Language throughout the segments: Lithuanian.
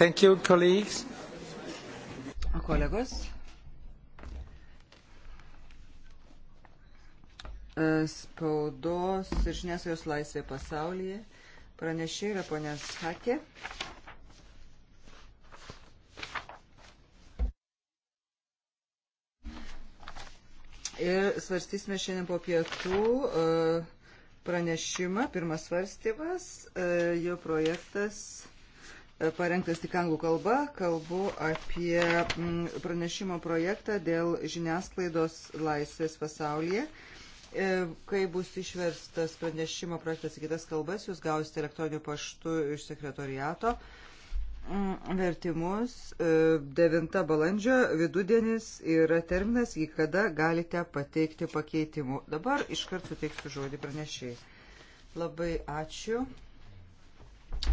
Thank you, colleagues. Kolegos. E, spaudos ir žiniasklaidos laisvė pasaulyje. Pranešė yra ponės Hakė. Ir svarstysime šiandien po pietų e, pranešimą, pirmas svarstymas, e, jo projektas parengtas tik anglų kalba. Kalbu apie mm, pranešimo projektą dėl žiniasklaidos laisvės pasaulyje. E, kai bus išverstas pranešimo projektas į kitas kalbas, jūs gausite elektroniniu paštu iš sekretoriato mm, vertimus. 9 e, balandžio vidudienis yra terminas, į kada galite pateikti pakeitimų. Dabar iškart suteiksiu žodį pranešiai. Labai ačiū.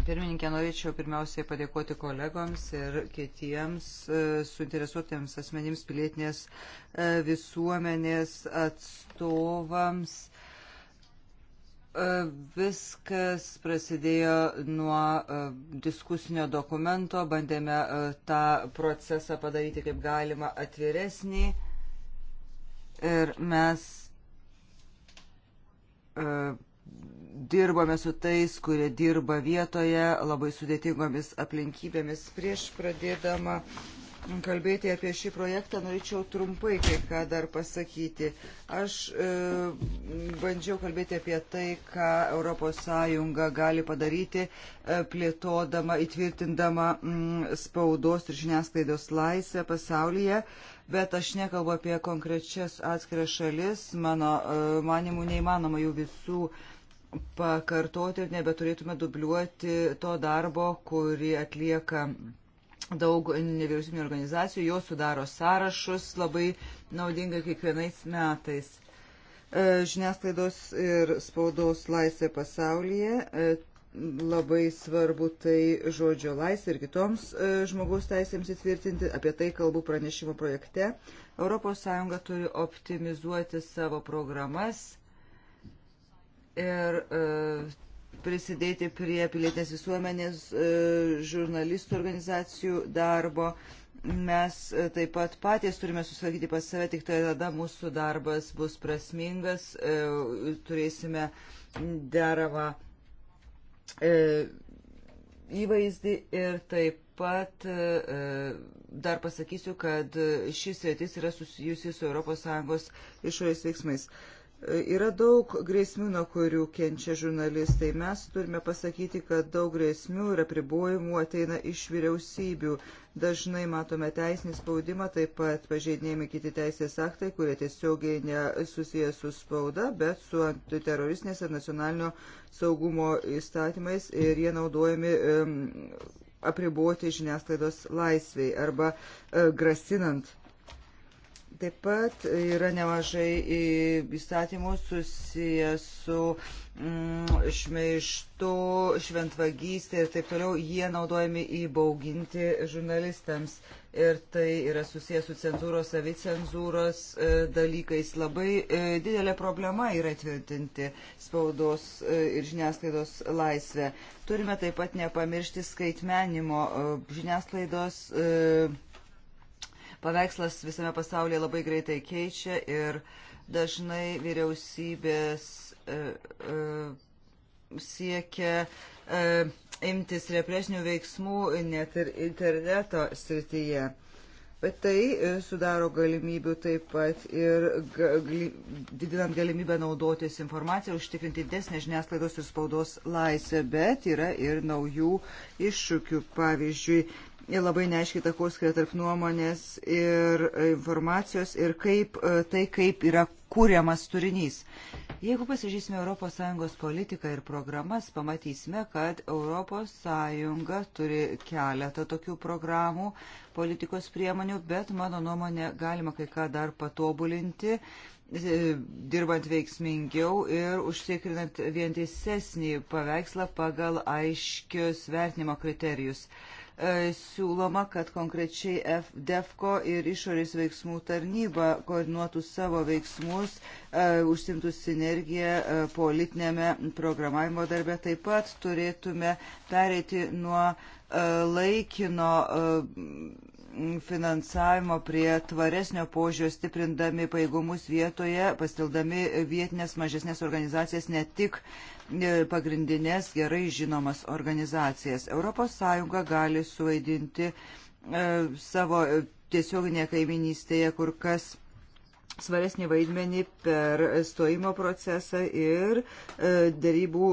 Pirmininkė, norėčiau pirmiausiai padėkoti kolegoms ir kitiems e, suinteresuotiems asmenims pilietinės e, visuomenės atstovams. E, viskas prasidėjo nuo diskusinio dokumento, bandėme tą procesą padaryti kaip galima atviresnį ir mes dirbame su tais, kurie dirba vietoje labai sudėtingomis aplinkybėmis. Prieš pradėdama kalbėti apie šį projektą, norėčiau trumpai kai ką dar pasakyti. Aš e, bandžiau kalbėti apie tai, ką ES gali padaryti, e, plėtodama, įtvirtindama m, mm, spaudos ir žiniasklaidos laisvę pasaulyje, bet aš nekalbu apie konkrečias atskiras šalis. Mano e, manimų neįmanoma jų visų pakartoti ir nebeturėtume dubliuoti to darbo, kurį atlieka daug nevyriausybinio organizacijų, jos sudaro sąrašus labai naudingai kiekvienais metais. E, žiniasklaidos ir spaudos laisvė pasaulyje e, labai svarbu tai žodžio laisvė ir kitoms e, žmogaus teisėms įtvirtinti. Apie tai kalbu pranešimo projekte. ES turi optimizuoti savo programas ir e, prisidėti prie pilietinės visuomenės, e, žurnalistų organizacijų darbo. Mes e, taip pat patys turime susivaldyti pas save, tik tai tada mūsų darbas bus prasmingas, turėsime deramą įvaizdį ir taip pat dar pasakysiu, kad šis sėtis yra susijusi su ES išorės veiksmais. Yra daug grėsmių, nuo kurių kenčia žurnalistai. Mes turime pasakyti, kad daug grėsmių ir apribojimų ateina iš vyriausybių. Dažnai matome teisinį spaudimą, taip pat pažeidinėjami kiti teisės aktai, kurie tiesiogiai nesusijęs su spauda, bet su antiteroristinės ir nacionalinio saugumo įstatymais ir jie naudojami um, apriboti žiniasklaidos laisviai arba uh, grasinant Taip pat yra nemažai įstatymų susijęs su mm, šmeištu, šventvagystė ir taip toliau. Jie naudojami įbauginti žurnalistams. Ir tai yra susijęs su cenzūros, savicenzūros e, dalykais. Labai e, didelė problema yra tvirtinti spaudos e, ir žiniasklaidos laisvę. Turime taip pat nepamiršti skaitmenimo e, žiniasklaidos. E, paveikslas visame pasaulyje labai greitai keičia ir dažnai vyriausybės e, e, siekia e, imtis represinių veiksmų net ir interneto srityje. Bet tai sudaro galimybių taip pat ir didinant galimybę naudotis informaciją, užtikrinti didesnę žiniasklaidos ir spaudos laisvę, bet yra ir naujų iššūkių. Pavyzdžiui, labai neaiškiai takoskiria tarp nuomonės ir informacijos ir kaip, e, tai, kaip yra kūriamas turinys. Jeigu pasižiūrėsime ES politiką ir programas, pamatysime, kad ES turi keletą tokių programų, politikos priemonių, bet mano nuomonė galima kai ką dar patobulinti e, dirbant veiksmingiau ir užtikrinant vientisesnį paveikslą pagal aiškius vertinimo kriterijus. E, siūloma, kad konkrečiai DEFCO ir išorės veiksmų tarnyba koordinuotų savo veiksmus, e, užsimtų sinergiją e, politinėme programavimo darbe. Taip pat turėtume pereiti nuo laikino finansavimo prie tvaresnio požiūrio stiprindami paėgumus vietoje, pastildami vietinės mažesnės organizacijas ne tik uh, E, pagrindinės gerai žinomas organizacijas. ES gali suvaidinti e, savo e, tiesioginėje kaiminystėje kur kas svaresnį vaidmenį per stojimo procesą ir dėrybų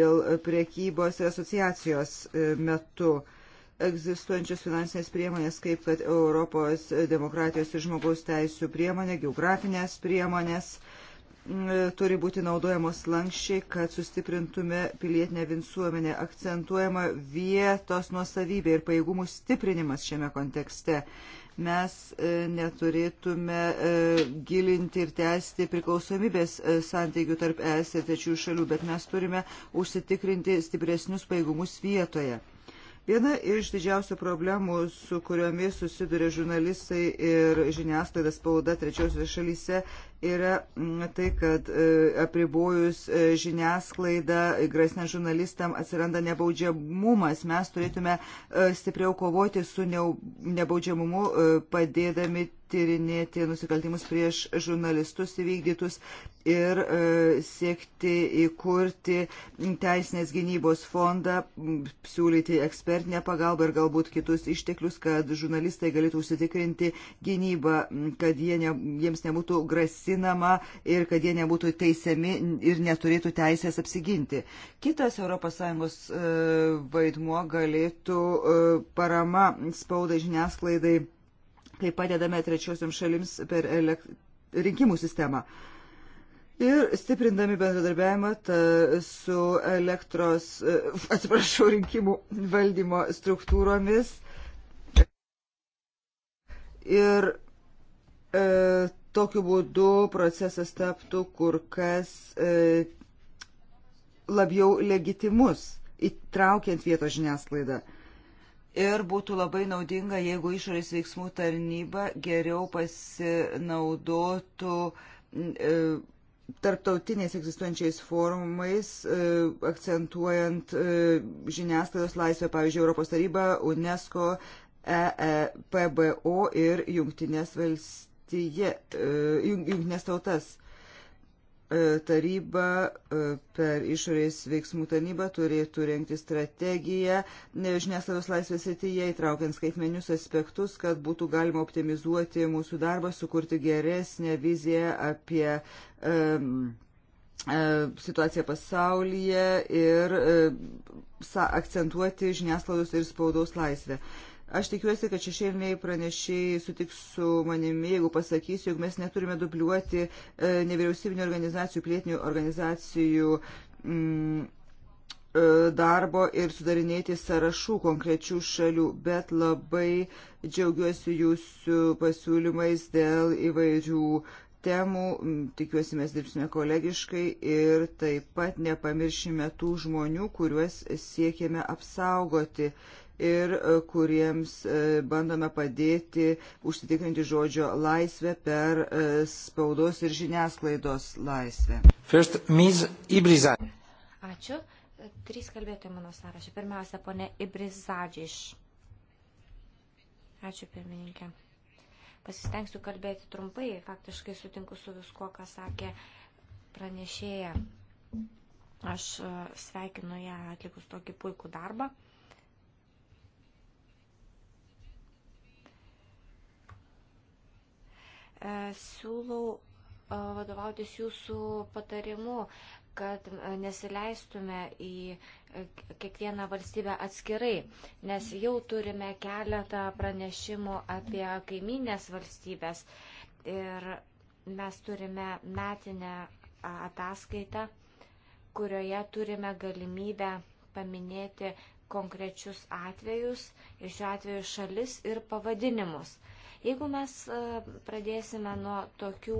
dėl priekybos ir asociacijos metu. Egzistuojančios finansinės priemonės, kaip kad Europos demokratijos ir žmogaus teisų priemonė, geografinės priemonės E, turi būti naudojamos lankščiai, kad sustiprintume pilietinę visuomenę. Akcentuojama vietos nuosavybė ir pajėgumų stiprinimas šiame kontekste. Mes e, neturėtume e, gilinti ir tęsti priklausomybės santykių tarp ES ir trečiųjų šalių, bet mes turime užsitikrinti stipresnius pajėgumus vietoje. Viena iš didžiausių problemų, su kuriomis susiduria žurnalistai ir žiniasklaida spauda trečiosios šalyse, yra mm, tai, kad e, apribojus e, žiniasklaidą, e, grasnė žurnalistam atsiranda nebaudžiamumas. Mes turėtume stipriau kovoti su nebaudžiamumu, padėdami tyrinėti nusikaltimus prieš žurnalistus įvykdytus ir siekti įkurti teisinės gynybos fondą, siūlyti ekspertinę pagalbą ir galbūt kitus išteklius, kad žurnalistai galėtų užsitikrinti gynybą, kad jie ne, jiems nebūtų grasi grasinama ir kad jie nebūtų teisiami ir neturėtų teisės apsiginti. Kitas ES e, vaidmuo galėtų e, parama spaudai žiniasklaidai, kai padedame trečiosiam šalims per rinkimų sistemą. Ir stiprindami bendradarbiavimą su elektros, e, atsiprašau, rinkimų valdymo struktūromis. Ir e, Tokiu būdu procesas taptų kur kas e, labiau legitimus, įtraukiant vietos žiniasklaidą. Ir būtų labai naudinga, jeigu išorės veiksmų tarnyba geriau pasinaudotų e, tarptautiniais egzistuojančiais forumais, e, akcentuojant e, žiniasklaidos laisvę, pavyzdžiui, Europos taryba, UNESCO, EEPBO ir Jungtinės valstybės srityje, e, jungtinės tautas e, taryba e, per išorės veiksmų tarnybą turėtų rengti strategiją žiniasklaidos laisvės srityje, įtraukiant skaitmenius aspektus, kad būtų galima optimizuoti mūsų darbą, sukurti geresnę viziją apie um, situaciją pasaulyje ir sa, akcentuoti žiniasklaidos ir spaudos laisvę. Aš tikiuosi, kad šešėliniai pranešėjai sutiks su manimi, jeigu pasakysiu, jog mes neturime dubliuoti e, nevyriausybinio organizacijų, pilietinių organizacijų mm, e, darbo ir sudarinėti sąrašų konkrečių šalių, bet labai džiaugiuosi jūsų pasiūlymais dėl įvairių temų. Mm, tikiuosi, mes dirbsime kolegiškai ir taip pat nepamiršime tų žmonių, kuriuos siekėme apsaugoti ir e, kuriems e, bandome padėti užsitikrinti žodžio laisvę per e, spaudos ir žiniasklaidos laisvę. First, Ms. Ibrizan. Ačiū. Trys kalbėtojai mano sąrašė. Pirmiausia, ponė Ibrizadžiš. Ačiū, pirmininkė. Pasistengsiu kalbėti trumpai. Faktiškai sutinku su viskuo, ką sakė pranešėja. Aš sveikinu ją atlikus tokį puikų darbą. E, siūlau e, vadovautis jūsų patarimu, kad e, nesileistume į kiekvieną valstybę atskirai, nes jau turime keletą pranešimų apie kaiminės valstybės ir mes turime metinę ataskaitą, kurioje turime galimybę paminėti konkrečius atvejus ir šiuo atveju šalis ir pavadinimus. Jeigu mes e, pradėsime nuo tokių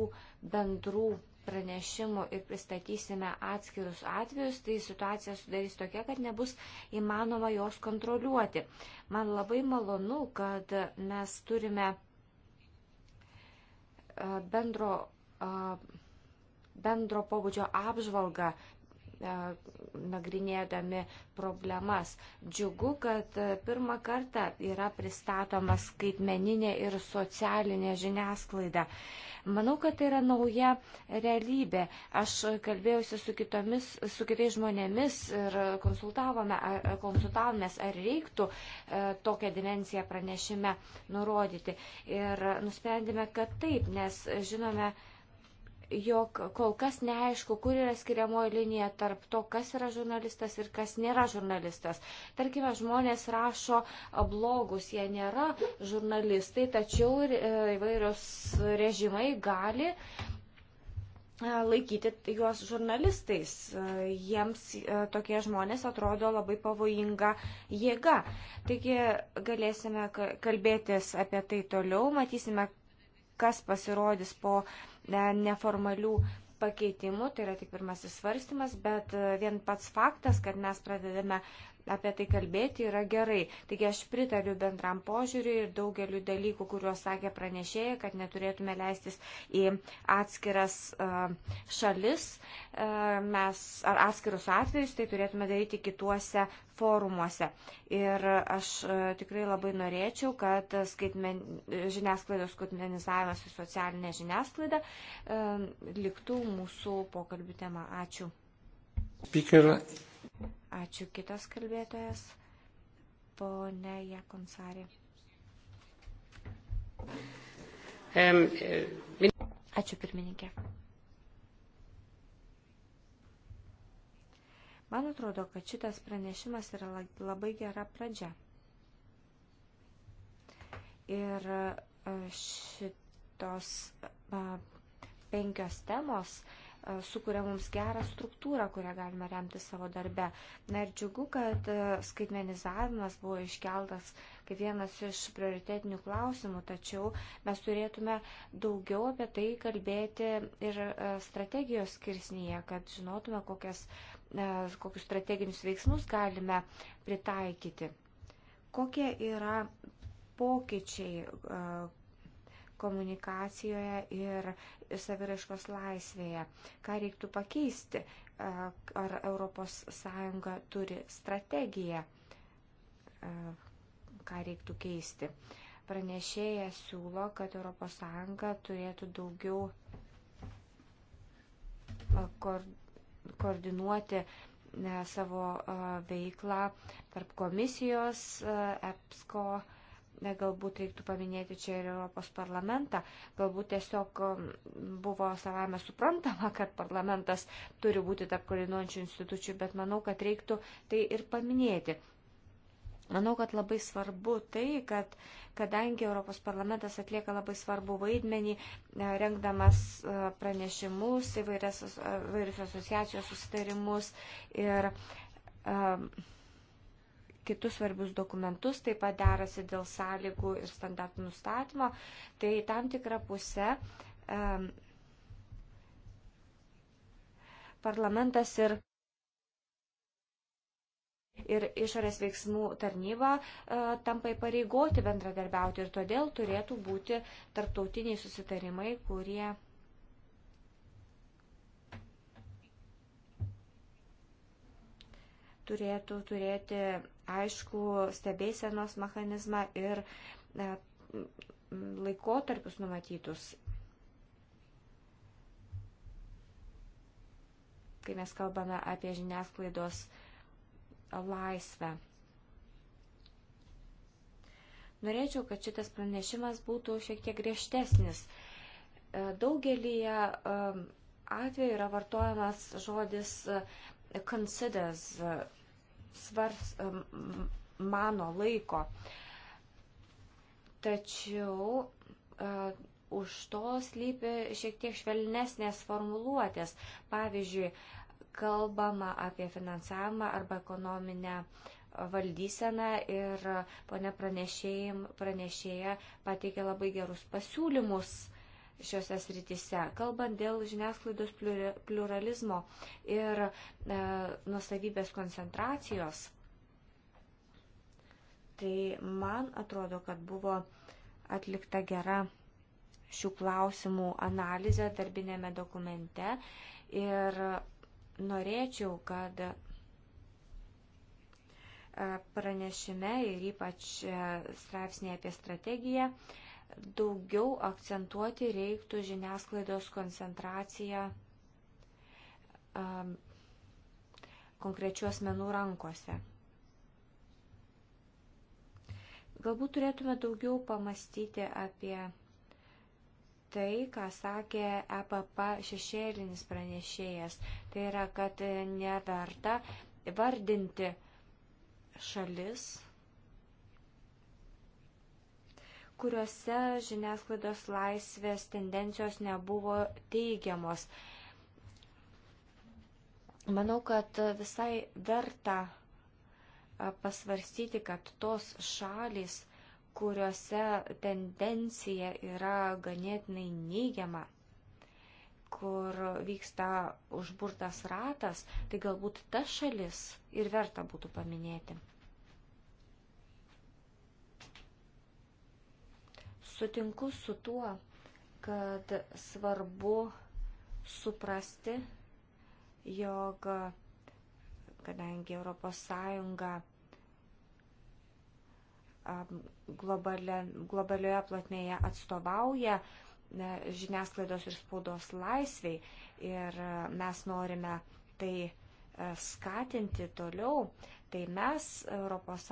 bendrų pranešimų ir pristatysime atskirus atvejus, tai situacija sudarys tokia, kad nebus įmanoma jos kontroliuoti. Man labai malonu, kad mes turime e, bendro e, bendro pobūdžio apžvalgą E, nagrinėdami problemas. Džiugu, kad e, pirmą kartą yra pristatoma skaitmeninė ir socialinė žiniasklaida. Manau, kad tai yra nauja realybė. Aš kalbėjausi su, kitomis, su kitais žmonėmis ir konsultavome, ar, konsultavomės, ar reiktų e, tokią dimenciją pranešime nurodyti. Ir nusprendėme, kad taip, nes žinome, jog kol kas neaišku, kur yra skiriamoji linija tarp to, kas yra žurnalistas ir kas nėra žurnalistas. Tarkime, žmonės rašo blogus, jie nėra žurnalistai, tačiau e, įvairios režimai gali e, laikyti juos žurnalistais. E, jiems tokie žmonės atrodo labai pavojinga jėga. Taigi galėsime kalbėtis apie tai toliau, matysime, kas pasirodys po uh, neformalių pakeitimų, tai yra tik pirmasis svarstymas, bet e, vien pats faktas, kad mes pradedame apie tai kalbėti yra gerai. Taigi aš pritariu bendram požiūriui ir daugeliu dalykų, kuriuos sakė pranešėja, kad neturėtume leistis į atskiras e, šalis e, mes, ar atskirus atvejus, tai turėtume daryti kituose forumuose. Ir aš e, tikrai labai norėčiau, kad skaitmen, žiniasklaidos skaitmenizavimas ir socialinė žiniasklaida liktų mūsų pokalbių tema. Ačiū. Speaker Ačiū kitas kalbėtojas, ponė Jakonsari. E, Ačiū pirmininkė. Man atrodo, kad šitas pranešimas yra labai gera pradžia. Ir e, šitos e, penkios temos uh, sukuria mums gerą struktūrą, kurią galime remti savo darbe. Na ir džiugu, kad skaitmenizavimas buvo iškeltas kaip vienas iš prioritetinių klausimų, tačiau mes turėtume daugiau apie tai kalbėti ir strategijos skirsnyje, kad žinotume, kokias, kokius strateginius veiksmus galime pritaikyti. Kokie yra pokyčiai, komunikacijoje ir saviraiškos laisvėje. Ką reiktų pakeisti? Ar ES turi strategiją? Ką reiktų keisti? Pranešėja siūlo, kad ES turėtų daugiau koordinuoti savo veiklą tarp komisijos, EPSCO galbūt reiktų paminėti čia ir Europos parlamentą, galbūt tiesiog um, buvo savame suprantama, kad parlamentas turi būti tarp koordinuojančių institucijų, bet manau, kad reiktų tai ir paminėti. Manau, kad labai svarbu tai, kad kadangi Europos parlamentas atlieka labai svarbu vaidmenį, e, rengdamas e, pranešimus, įvairias, e, įvairius asociacijos susitarimus ir um, kitus svarbius dokumentus, taip pat derasi dėl sąlygų ir standartų nustatymo, tai tam tikrą pusę um, parlamentas ir ir išorės veiksmų tarnyba uh, tampa įpareigoti bendradarbiauti ir todėl turėtų būti tarptautiniai susitarimai, kurie. turėtų turėti aišku stebėsenos mechanizmą ir e, laikotarpius numatytus. Kai mes kalbame apie žiniasklaidos laisvę. Norėčiau, kad šitas pranešimas būtų šiek tiek griežtesnis. E, Daugelį e, atvejų yra vartojamas žodis considers svars mano laiko. Tačiau e, už to slypi šiek tiek švelnesnės formuluotės. Pavyzdžiui, kalbama apie finansavimą arba ekonominę valdyseną ir ponė pranešėja pateikė labai gerus pasiūlymus šiuose srityse. Kalbant dėl žiniasklaidos pluralizmo ir e, nusavybės koncentracijos, tai man atrodo, kad buvo atlikta gera šių klausimų analizė darbinėme dokumente ir norėčiau, kad e, pranešime ir ypač e, straipsnėje apie strategiją, daugiau akcentuoti reiktų žiniasklaidos koncentraciją um, konkrečių asmenų rankose. Galbūt turėtume daugiau pamastyti apie tai, ką sakė EPP šešėlinis pranešėjas. Tai yra, kad neverta vardinti šalis kuriuose žiniasklaidos laisvės tendencijos nebuvo teigiamos. Manau, kad visai verta pasvarstyti, kad tos šalis, kuriuose tendencija yra ganėtinai neigiama, kur vyksta užburtas ratas, tai galbūt ta šalis ir verta būtų paminėti. Sutinku su tuo, kad svarbu suprasti, jog kadangi ES globalioje platmėje atstovauja žiniasklaidos ir spaudos laisviai ir mes norime tai e, skatinti toliau, tai mes, ES,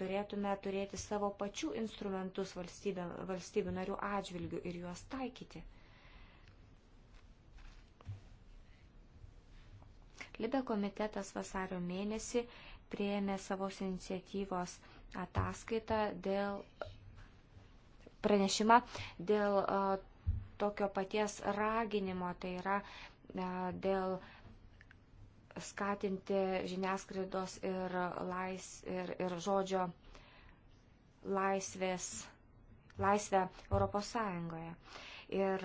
turėtume turėti savo pačių instrumentus valstybė, valstybių narių atžvilgių ir juos taikyti. Libe komitetas vasario mėnesį prieėmė savos iniciatyvos ataskaitą dėl pranešimą dėl tokio paties raginimo, tai yra dėl uh, skatinti žiniasklaidos ir, lais, ir, ir žodžio laisvės, laisvę Europos Sąjungoje. Ir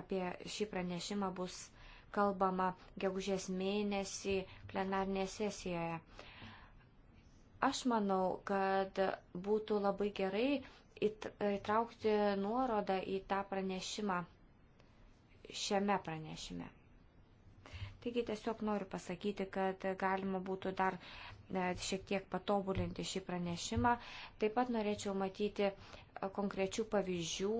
apie šį pranešimą bus kalbama gegužės mėnesį plenarnėje sesijoje. Aš manau, kad būtų labai gerai įtraukti nuorodą į tą pranešimą šiame pranešime. Taigi tiesiog noriu pasakyti, kad galima būtų dar e, šiek tiek patobulinti šį pranešimą. Taip pat norėčiau matyti e, konkrečių pavyzdžių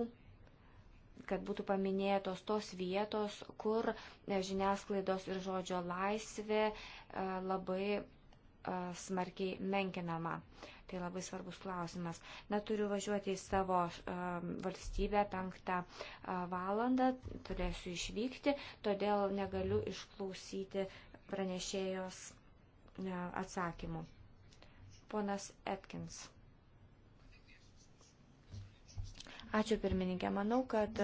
kad būtų paminėtos tos vietos, kur e, žiniasklaidos ir žodžio laisvė labai smarkiai menkinama. Tai labai svarbus klausimas. Neturiu važiuoti į savo um, valstybę penktą uh, valandą, turėsiu išvykti, todėl negaliu išklausyti pranešėjos uh, atsakymų. Ponas Atkins. Ačiū pirmininkė. Manau, kad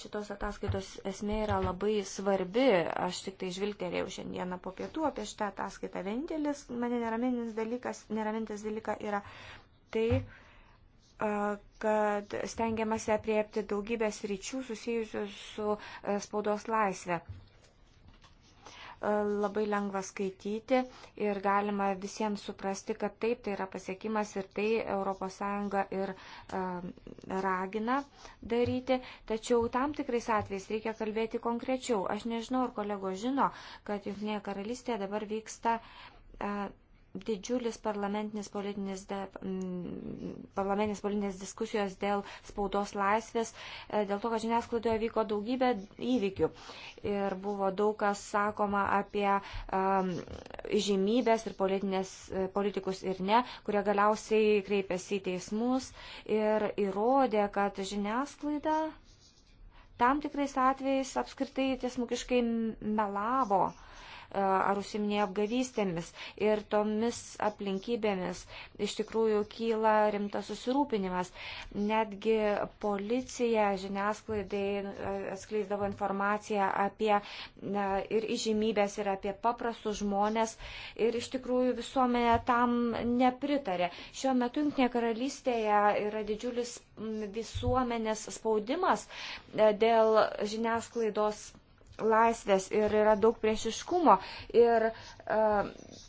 šitos ataskaitos esmė yra labai svarbi. Aš tik tai žvilgterėjau šiandieną po pietų apie šitą ataskaitą. Vienintelis mane neramintis dalykas, neramintis dalykas yra tai, kad stengiamasi apriepti daugybės ryčių susijusių su spaudos laisvė. E, labai lengva skaityti ir galima visiems suprasti, kad taip, tai yra pasiekimas ir tai ES ir e, ragina daryti. Tačiau tam tikrais atvejais reikia kalbėti konkrečiau. Aš nežinau, ar kolego žino, kad Junknėje karalystėje dabar vyksta e, didžiulis parlamentinis politinis, de, parlamentinis politinės diskusijos dėl spaudos laisvės, e, dėl to, kad žiniasklaidoje vyko daugybė įvykių. Ir buvo daug kas sakoma apie um, žymybės ir e, politikus ir ne, kurie galiausiai kreipėsi į teismus ir įrodė, kad žiniasklaida tam tikrais atvejais apskritai tiesmukiškai melavo. Uh, ar užsiminėja apgavystėmis. Ir tomis aplinkybėmis iš tikrųjų kyla rimtas susirūpinimas. Netgi policija žiniasklaidai atskleisdavo informaciją apie na, ir įžymybės, ir apie paprastus žmonės. Ir iš tikrųjų visuomenė tam nepritarė. Šiuo metu Junktinė karalystėje yra didžiulis visuomenės spaudimas dėl žiniasklaidos laisvės ir yra daug priešiškumo. Ir, uh,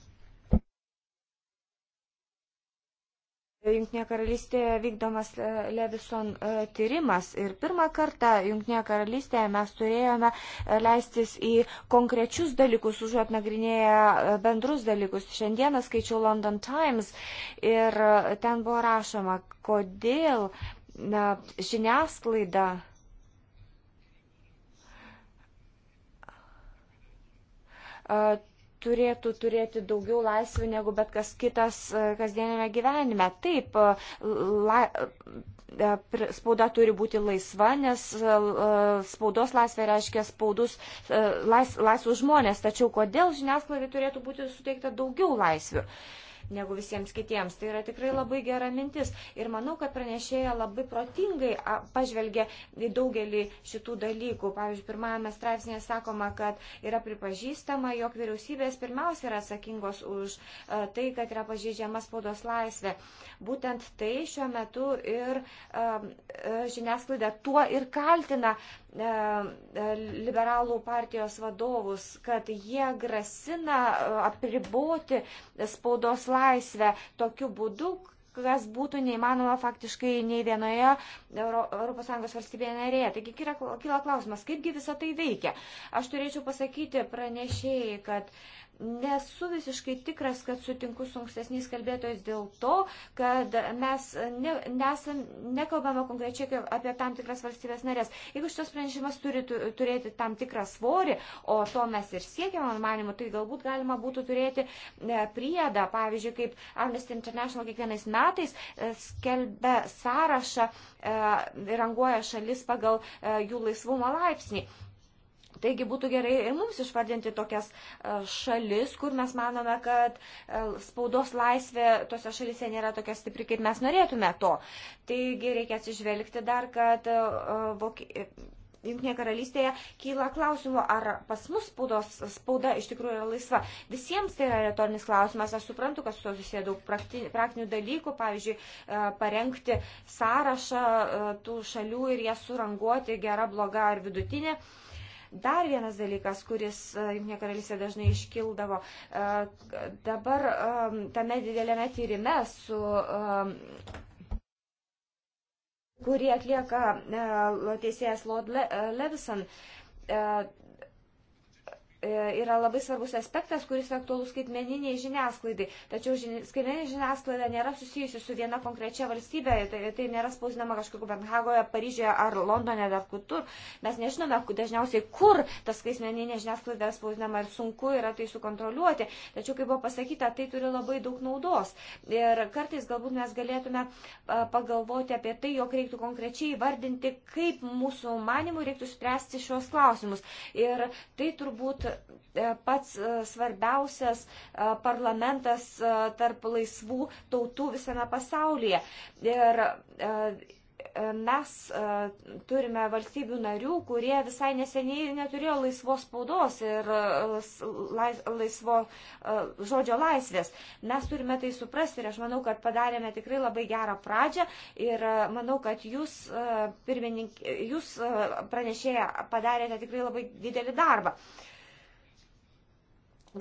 Junktinėje karalystėje vykdomas e, Levison uh, e, tyrimas ir pirmą kartą Junktinėje karalystėje mes turėjome e, leistis į konkrečius dalykus, užuot nagrinėję bendrus dalykus. Šiandieną skaičiau London Times ir uh, ten buvo rašoma, kodėl na, žiniasklaida turėtų turėti daugiau laisvių negu bet kas kitas kasdienėme gyvenime. Taip, la, spauda turi būti laisva, nes spaudos laisvė reiškia spaudus lais, laisvus žmonės. Tačiau kodėl žiniasklaidai turėtų būti suteikta daugiau laisvių? Uh, negu visiems kitiems. Tai yra tikrai labai gera mintis. Ir manau, kad pranešėja labai protingai pažvelgia į daugelį šitų dalykų. Pavyzdžiui, pirmajame straipsnėje sakoma, kad yra pripažįstama, jog vyriausybės pirmiausia yra atsakingos už e, tai, kad yra pažydžiama spaudos laisvė. Būtent tai šiuo metu ir e, e, žiniasklaida tuo ir kaltina E, e, liberalų partijos vadovus, kad jie grasina e, apriboti spaudos laisvę tokiu būdu, kas būtų neįmanoma faktiškai nei vienoje ES valstybėje narėje. Taigi kyla klausimas, kaipgi visa tai veikia. Aš turėčiau pasakyti pranešėjai, kad uh, Nesu visiškai tikras, kad sutinku su ankstesniais kalbėtojais dėl to, kad mes ne, nesam, nekalbame konkrečiai apie tam tikras valstybės narės. Jeigu šitas pranešimas turi turėti tam tikrą svorį, o to mes ir siekiam, man manimu, tai galbūt galima būtų turėti e, priedą, pavyzdžiui, kaip Amnesty International kiekvienais metais e, skelbia sąrašą ir e, ranguoja šalis pagal jų laisvumo laipsnį. Taigi būtų gerai ir mums išvardinti tokias e, šalis, kur mes manome, kad e, spaudos laisvė tose šalise nėra tokia stipri, kaip mes norėtume to. Taigi reikia atsižvelgti dar, kad e, Vokie... Junktinėje karalystėje kyla klausimų, ar pas mus spaudos, spauda iš tikrųjų yra laisva. Visiems tai yra retorinis klausimas. Aš suprantu, kad su to susiję daug praktinių, praktinių dalykų, pavyzdžiui, parengti sąrašą tų šalių ir jas suranguoti gera, bloga ar vidutinė. Dar vienas dalykas, kuris e, Junktinė karalystė dažnai iškildavo, e, dabar e, tame didelėme tyrime su kurį atlieka teisėjas Lord Levison, E, yra labai svarbus aspektas, kuris aktualus skaitmeniniai žiniasklaidai. Tačiau skaitmeninė žiniasklaida nėra susijusi su viena konkrečia valstybė, tai, tai nėra spausdinama kažkur Kopenhagoje, Paryžioje ar Londone ar kitur. Mes nežinome dažniausiai, kur ta skaitmeninė žiniasklaida spausdinama ir sunku yra tai sukontroliuoti. Tačiau, kaip buvo pasakyta, tai turi labai daug naudos. Ir kartais galbūt mes galėtume e, pagalvoti apie tai, jog reiktų konkrečiai įvardinti, kaip mūsų manimų reiktų spręsti šios klausimus. Ir tai turbūt E, pats e, svarbiausias e, parlamentas tarp laisvų tautų visame pasaulyje. Ir mes turime valstybių narių, kurie visai neseniai neturėjo laisvos spaudos ir laisvo žodžio laisvės. Mes turime tai suprasti ir aš manau, kad padarėme tikrai labai gerą pradžią ir manau, kad jūs, jūs pranešėja padarėte tikrai labai didelį darbą.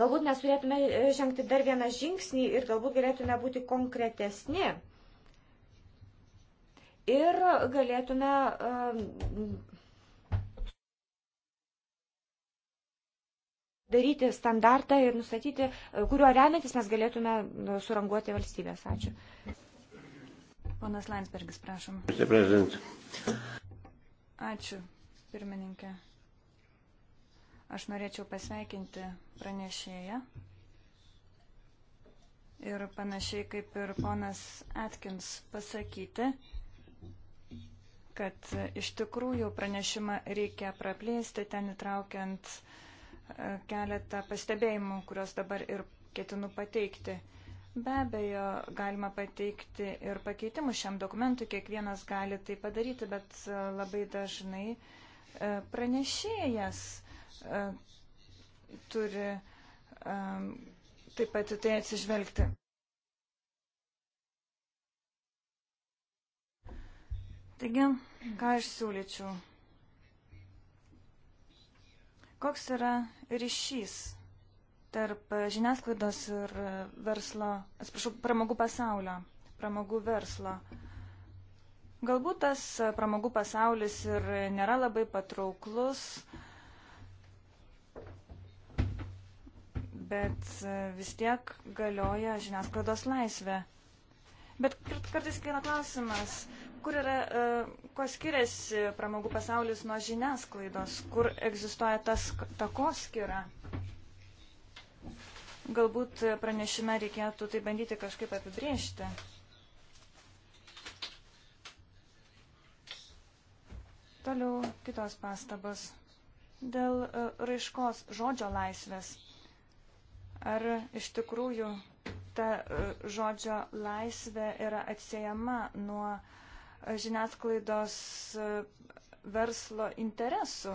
Galbūt mes turėtume e, žengti dar vieną žingsnį ir galbūt galėtume būti konkretesni. Ir galėtume e, daryti standartą ir nustatyti, e, kuriuo remiantis mes galėtume suranguoti valstybės. Ačiū. Ponas Landsbergis, prašom. Ačiū, pirmininkė. Aš norėčiau pasveikinti pranešėją. Ir panašiai kaip ir ponas Atkins pasakyti, kad iš tikrųjų pranešimą reikia praplėsti, ten įtraukiant e, keletą pastebėjimų, kuriuos dabar ir ketinu pateikti. Be abejo, galima pateikti ir pakeitimų šiam dokumentui, kiekvienas gali tai padaryti, bet e, labai dažnai e, pranešėjas E, turi e, taip pat į tai atsižvelgti. Taigi, ką aš siūlyčiau? Koks yra ryšys tarp žiniasklaidos ir verslo, atsiprašau, pramogų pasaulio, pramogų verslo? Galbūt tas pramogų pasaulis ir nėra labai patrauklus, uh, bet e, vis tiek galioja žiniasklaidos laisvė. Bet kartais kyla klausimas, kur yra, e, kuo skiriasi pramogų pasaulis nuo žiniasklaidos, kur egzistuoja tas takoskira. Galbūt pranešime reikėtų tai bandyti kažkaip apibriežti. Toliau kitos pastabos dėl e, raiškos žodžio laisvės. Ar iš tikrųjų ta e, žodžio laisvė yra atsiejama nuo e, žiniasklaidos e, verslo interesų?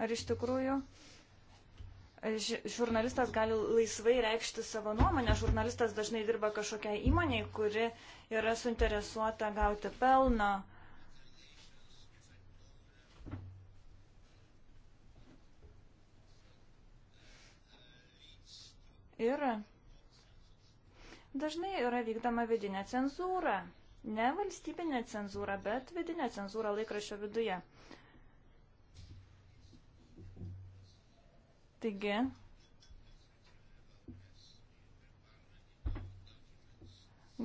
Ar iš tikrųjų žurnalistas gali laisvai reikšti savo nuomonę? Žurnalistas dažnai dirba kažkokiai įmoniai, kuri yra suinteresuota gauti pelno. ir dažnai yra vykdoma vidinė cenzūra. Ne valstybinė cenzūra, bet vidinė cenzūra laikraščio viduje. Taigi,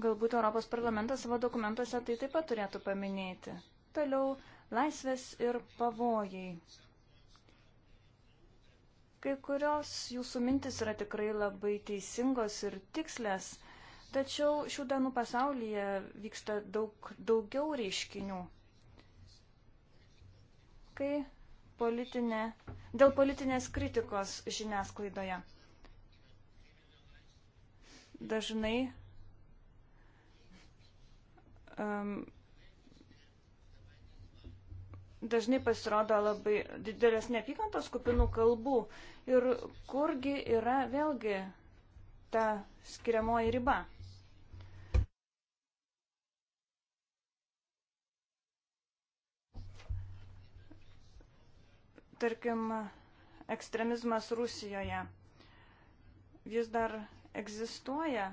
Galbūt Europos parlamentas savo dokumentuose tai taip pat turėtų paminėti. Toliau laisvės ir pavojai. Kai kurios jūsų mintis yra tikrai labai teisingos ir tikslės, tačiau šių dienų pasaulyje vyksta daug daugiau reiškinių. Kai politinė, dėl politinės kritikos žiniasklaidoje dažnai um, dažnai pasirodo labai didelės neapykantos kupinų kalbų. Ir kurgi yra vėlgi ta skiriamoji riba? Tarkim, ekstremizmas Rusijoje. Jis dar egzistuoja,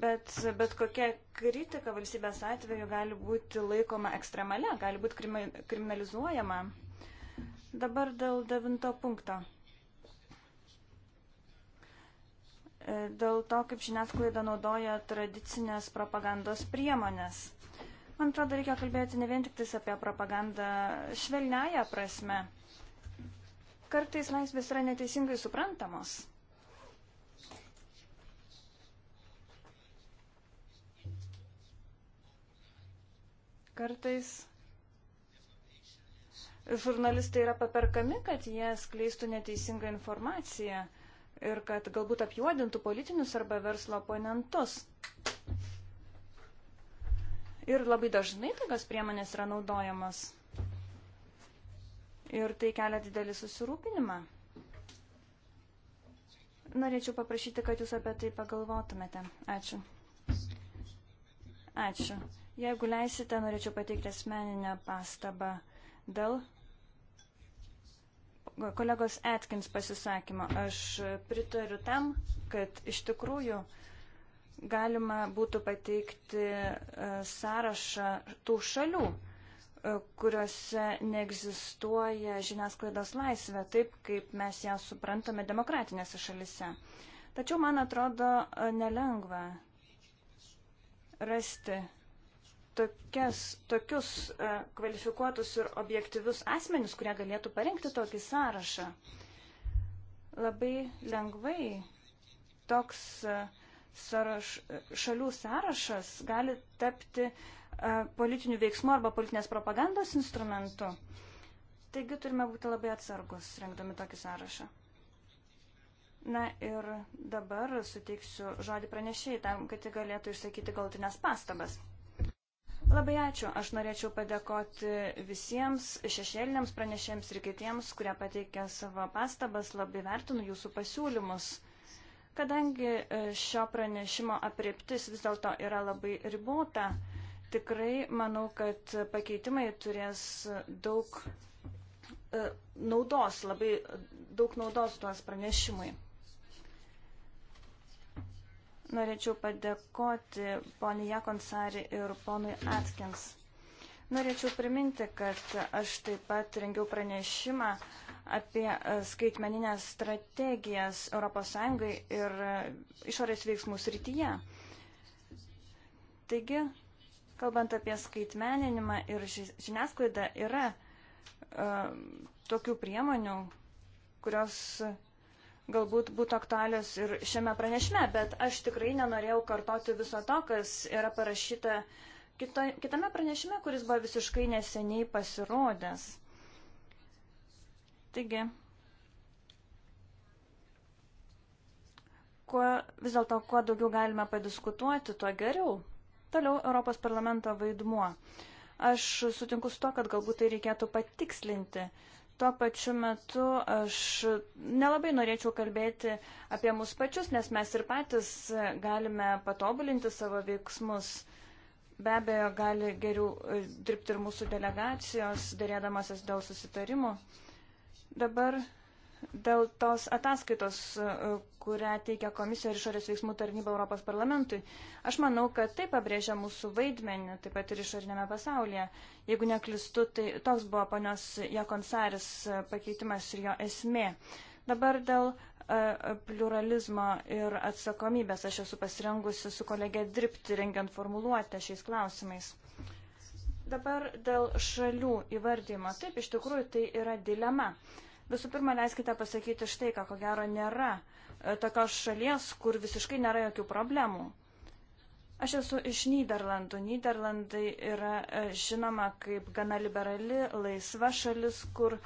Bet, bet kokia kritika valstybės atveju gali būti laikoma ekstremale, gali būti krimi, kriminalizuojama. Dabar dėl devinto punkto. E, dėl to, kaip žiniasklaida naudoja tradicinės propagandos priemonės. Man atrodo, reikia kalbėti ne vien tik apie propagandą švelniają prasme. Kartais laisvės yra neteisingai suprantamos. Kartais žurnalistai yra paperkami, kad jie skleistų neteisingą informaciją ir kad galbūt apjuodintų politinius arba verslo oponentus. Ir labai dažnai tokios priemonės yra naudojamos. Ir tai kelia didelį susirūpinimą. Norėčiau paprašyti, kad jūs apie tai pagalvotumėte. Ačiū. Ačiū. Jeigu leisite, norėčiau pateikti asmeninę pastabą dėl kolegos Atkins pasisakymo. Aš pritariu tam, kad iš tikrųjų galima būtų pateikti e, sąrašą tų šalių, e, kuriuose neegzistuoja žiniasklaidos laisvė, taip kaip mes ją suprantame demokratinėse šalise. Tačiau man atrodo e, nelengva rasti tokias, tokius e, kvalifikuotus ir objektyvius asmenis, kurie galėtų parengti tokį sąrašą. Labai lengvai toks e, sąraš, e, šalių sąrašas gali tapti politinių veiksmų arba politinės propagandos instrumentu. Taigi turime būti labai atsargus, rengdami tokį sąrašą. Na ir dabar suteiksiu žodį pranešėjai tam, kad jį galėtų išsakyti galtinės pastabas. Labai ačiū. Aš norėčiau padėkoti visiems šešėliniams pranešėjams ir kitiems, kurie pateikė savo pastabas. Labai vertinu jūsų pasiūlymus. Kadangi e, šio pranešimo apriptis vis dėlto yra labai ribota, tikrai manau, kad pakeitimai turės daug e, naudos, labai daug naudos tuos pranešimui. Norėčiau padėkoti poniai Jakonsari ir ponui Atkins. Norėčiau priminti, kad aš taip pat rengiau pranešimą apie skaitmeninės strategijas ES ir išorės veiksmų srityje. Taigi, kalbant apie skaitmeninimą ir žiniasklaidą, yra uh, tokių priemonių, kurios galbūt būtų aktualios ir šiame pranešime, bet aš tikrai nenorėjau kartoti viso to, kas yra parašyta kito, kitame pranešime, kuris buvo visiškai neseniai pasirodęs. Taigi, kuo, vis dėlto, kuo daugiau galime padiskutuoti, tuo geriau. Toliau Europos parlamento vaidmuo. Aš sutinku su to, kad galbūt tai reikėtų patikslinti. Uh, tuo pačiu metu aš nelabai norėčiau kalbėti apie mus pačius, nes mes ir patys galime patobulinti savo veiksmus. Be abejo, gali geriau e, dirbti ir mūsų delegacijos, dėrėdamasis dėl susitarimų. Dabar Dėl tos ataskaitos, e, kurią teikia komisija ir išorės veiksmų tarnyba Europos parlamentui, aš manau, kad tai pabrėžia mūsų vaidmenį, taip pat ir išorinėme pasaulyje. Jeigu neklistu, tai toks buvo ponios Jekonsaris e, pakeitimas ir jo esmė. Dabar dėl e, pluralizmo ir atsakomybės aš esu pasirengusi su kolegė dirbti, rengiant formuluotę šiais klausimais. Dabar dėl šalių įvardymo. Taip, iš tikrųjų, tai yra dilema. Uh, Visų pirma, leiskite pasakyti štai, ką ko gero nėra e, tokios šalies, kur visiškai nėra jokių problemų. Aš esu iš Niderlandų. Niderlandai yra e, žinoma kaip gana liberali, laisva šalis, kur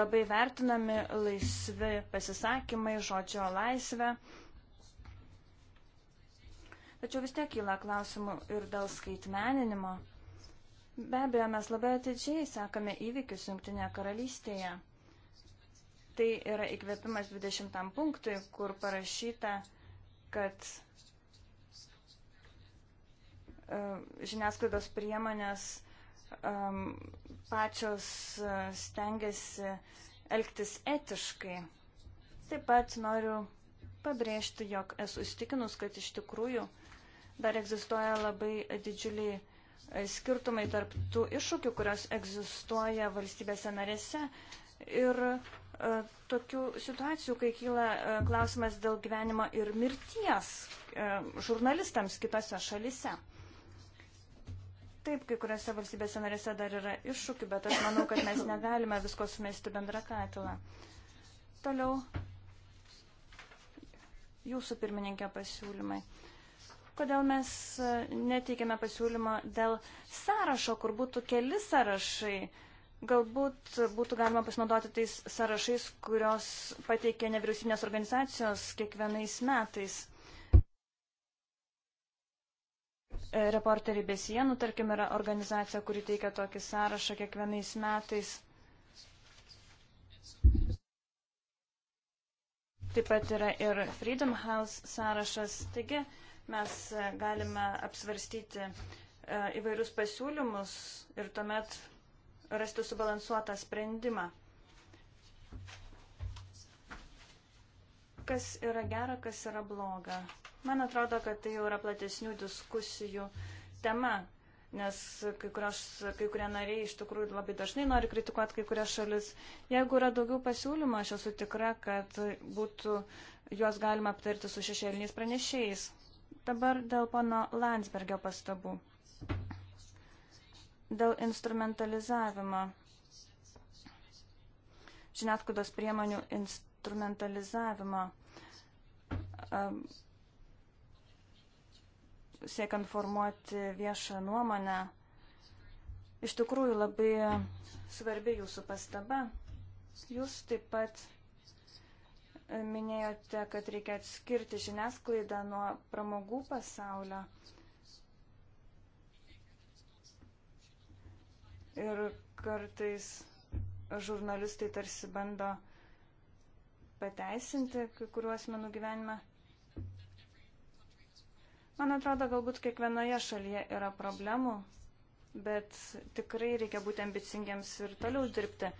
labai vertinami laisvi pasisakymai, žodžio laisvė. Tačiau vis tiek kyla klausimų ir dėl skaitmeninimo. Be abejo, mes labai atidžiai sekame įvykius Junktinėje karalystėje. Tai yra įkvėpimas 20 punktui, kur parašyta, kad e, žiniasklaidos priemonės e, pačios e, stengiasi elgtis etiškai. Taip pat noriu pabrėžti, jog esu įstikinus, kad iš tikrųjų dar egzistuoja labai didžiuliai skirtumai tarp tų iššūkių, kurios egzistuoja valstybėse narėse ir E, tokių situacijų, kai kyla e, klausimas dėl gyvenimo ir mirties e, žurnalistams kitose šalise. Taip, kai kuriuose valstybėse narėse dar yra iššūkių, bet aš manau, kad mes negalime visko sumesti bendrą katilą. Toliau jūsų pirmininkė pasiūlymai. Kodėl mes neteikėme pasiūlymo dėl sąrašo, kur būtų keli sąrašai, Galbūt būtų galima pasinaudoti tais sąrašais, kurios pateikia nevyriausybinės organizacijos kiekvienais metais. E, reporteriai be sienų, tarkim, yra organizacija, kuri teikia tokį sąrašą kiekvienais metais. Taip pat yra ir Freedom House sąrašas. Taigi mes e, galime apsvarstyti e, įvairius pasiūlymus ir tuomet rasti subalansuotą sprendimą. Kas yra gera, kas yra bloga. Man atrodo, kad tai jau yra platesnių diskusijų tema, nes kai, kurios, kai kurie nariai iš tikrųjų labai dažnai nori kritikuoti kai kurias šalis. Jeigu yra daugiau pasiūlymų, aš esu tikra, kad būtų juos galima aptarti su šešėliniais pranešėjais. Dabar dėl pono Landsbergio pastabų. Dėl instrumentalizavimo. Žiniasklaidos priemonių instrumentalizavimo. Siekiant formuoti viešą nuomonę. Iš tikrųjų labai svarbi jūsų pastaba. Jūs taip pat minėjote, kad reikia atskirti žiniasklaidą nuo pramogų pasaulio. ir kartais žurnalistai tarsi bando pateisinti kai kuriuos menų gyvenime. Man atrodo, galbūt kiekvienoje šalyje yra problemų, bet tikrai reikia būti ambicingiams ir toliau dirbti.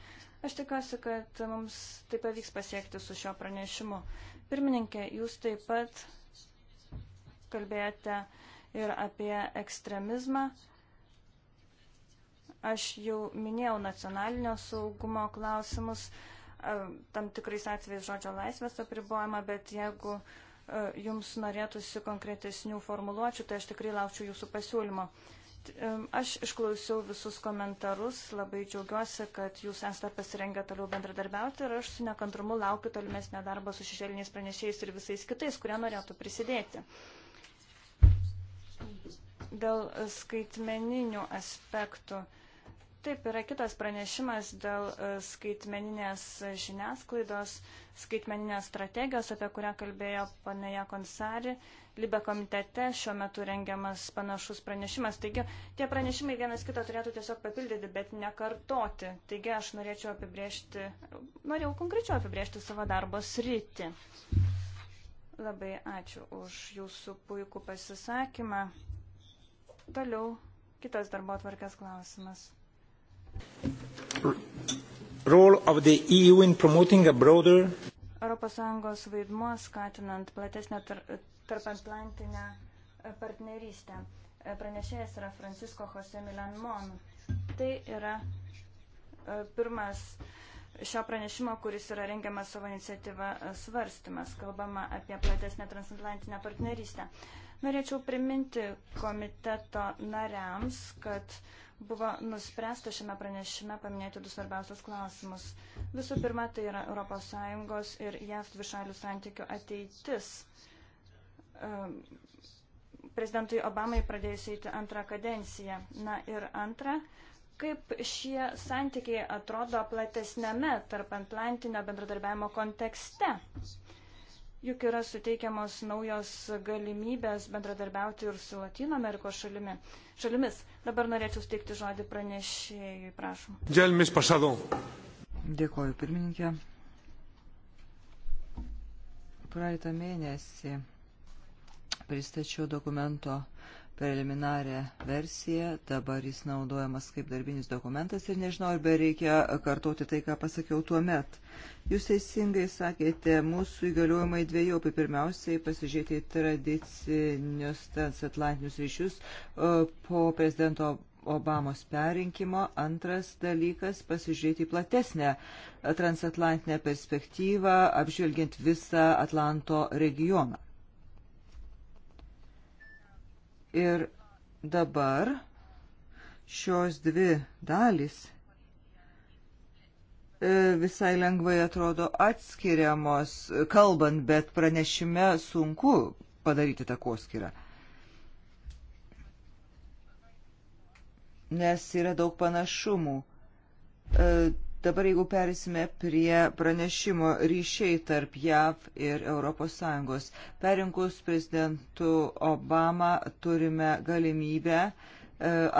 Aš tikiuosi, kad mums tai pavyks pasiekti su šio pranešimu. Pirmininkė, jūs taip pat kalbėjote ir apie ekstremizmą. Aš jau minėjau nacionalinio saugumo klausimus, e, tam tikrais atvejais žodžio laisvės apribojama, bet jeigu e, jums norėtųsi konkretesnių formuluočių, tai aš tikrai laukčiau jūsų pasiūlymo. E, aš išklausiau visus komentarus, labai džiaugiuosi, kad jūs esate pasirengę toliau bendradarbiauti ir aš su nekantrumu laukiu tolimesnio darbo su šešėliniais pranešėjais ir visais kitais, kurie norėtų prisidėti. Dėl skaitmeninių aspektų Taip, yra kitas pranešimas dėl e, skaitmeninės žiniasklaidos, skaitmeninės strategijos, apie kurią kalbėjo paneja Konsari. Libe komitete šiuo metu rengiamas panašus pranešimas. Taigi, tie pranešimai vienas kitą turėtų tiesiog papildyti, bet nekartoti. Taigi, aš norėčiau apibriežti, norėjau konkrečiau apibriežti savo darbo sritį. Labai ačiū už jūsų puikų pasisakymą. Toliau kitas darbo atvarkės klausimas. Role of the EU in promoting a broader ES vaidmuo skatinant platesnę tarpatlantinę e, partnerystę. E, pranešėjas yra Francisco Jose Milan Mon. Tai yra e, pirmas šio pranešimo, kuris yra rengiamas savo iniciatyva svarstymas, kalbama apie platesnę transatlantinę partnerystę. Norėčiau priminti komiteto nariams, kad uh, buvo nuspręsta šiame pranešime paminėti du svarbiausius klausimus. Visų pirma, tai yra ES ir JAV dvišalių santykių ateitis. Ehm, prezidentui Obamai pradėjus eiti antrą kadenciją. Na ir antra, kaip šie santykiai atrodo platesnėme tarp Atlantinio bendradarbiavimo kontekste. Juk yra suteikiamos naujos galimybės bendradarbiauti ir su Latino Amerikos šalimi. šalimis. Dabar norėčiau steikti žodį pranešėjui, prašom. Dželmis Pašadau. Dėkoju, pirmininkė. Praeitą mėnesį pristačiau dokumento preliminarią versiją, dabar jis naudojamas kaip darbinis dokumentas ir nežinau, ar bereikia kartoti tai, ką pasakiau tuo met. Jūs teisingai sakėte, mūsų įgaliojimai dviejopai pirmiausiai pasižiūrėti į tradicinius transatlantinius ryšius e, po prezidento Obamos perinkimo. Antras dalykas - pasižiūrėti platesnę transatlantinę perspektyvą, apžvelgiant visą Atlanto regioną. Ir dabar šios dvi dalys e, visai lengvai atrodo atskiriamos, kalbant, bet pranešime sunku padaryti takoskirą. Nes yra daug panašumų. E, Dabar jeigu perėsime prie pranešimo ryšiai tarp JAV ir ES, perinkus prezidentu Obama turime galimybę e,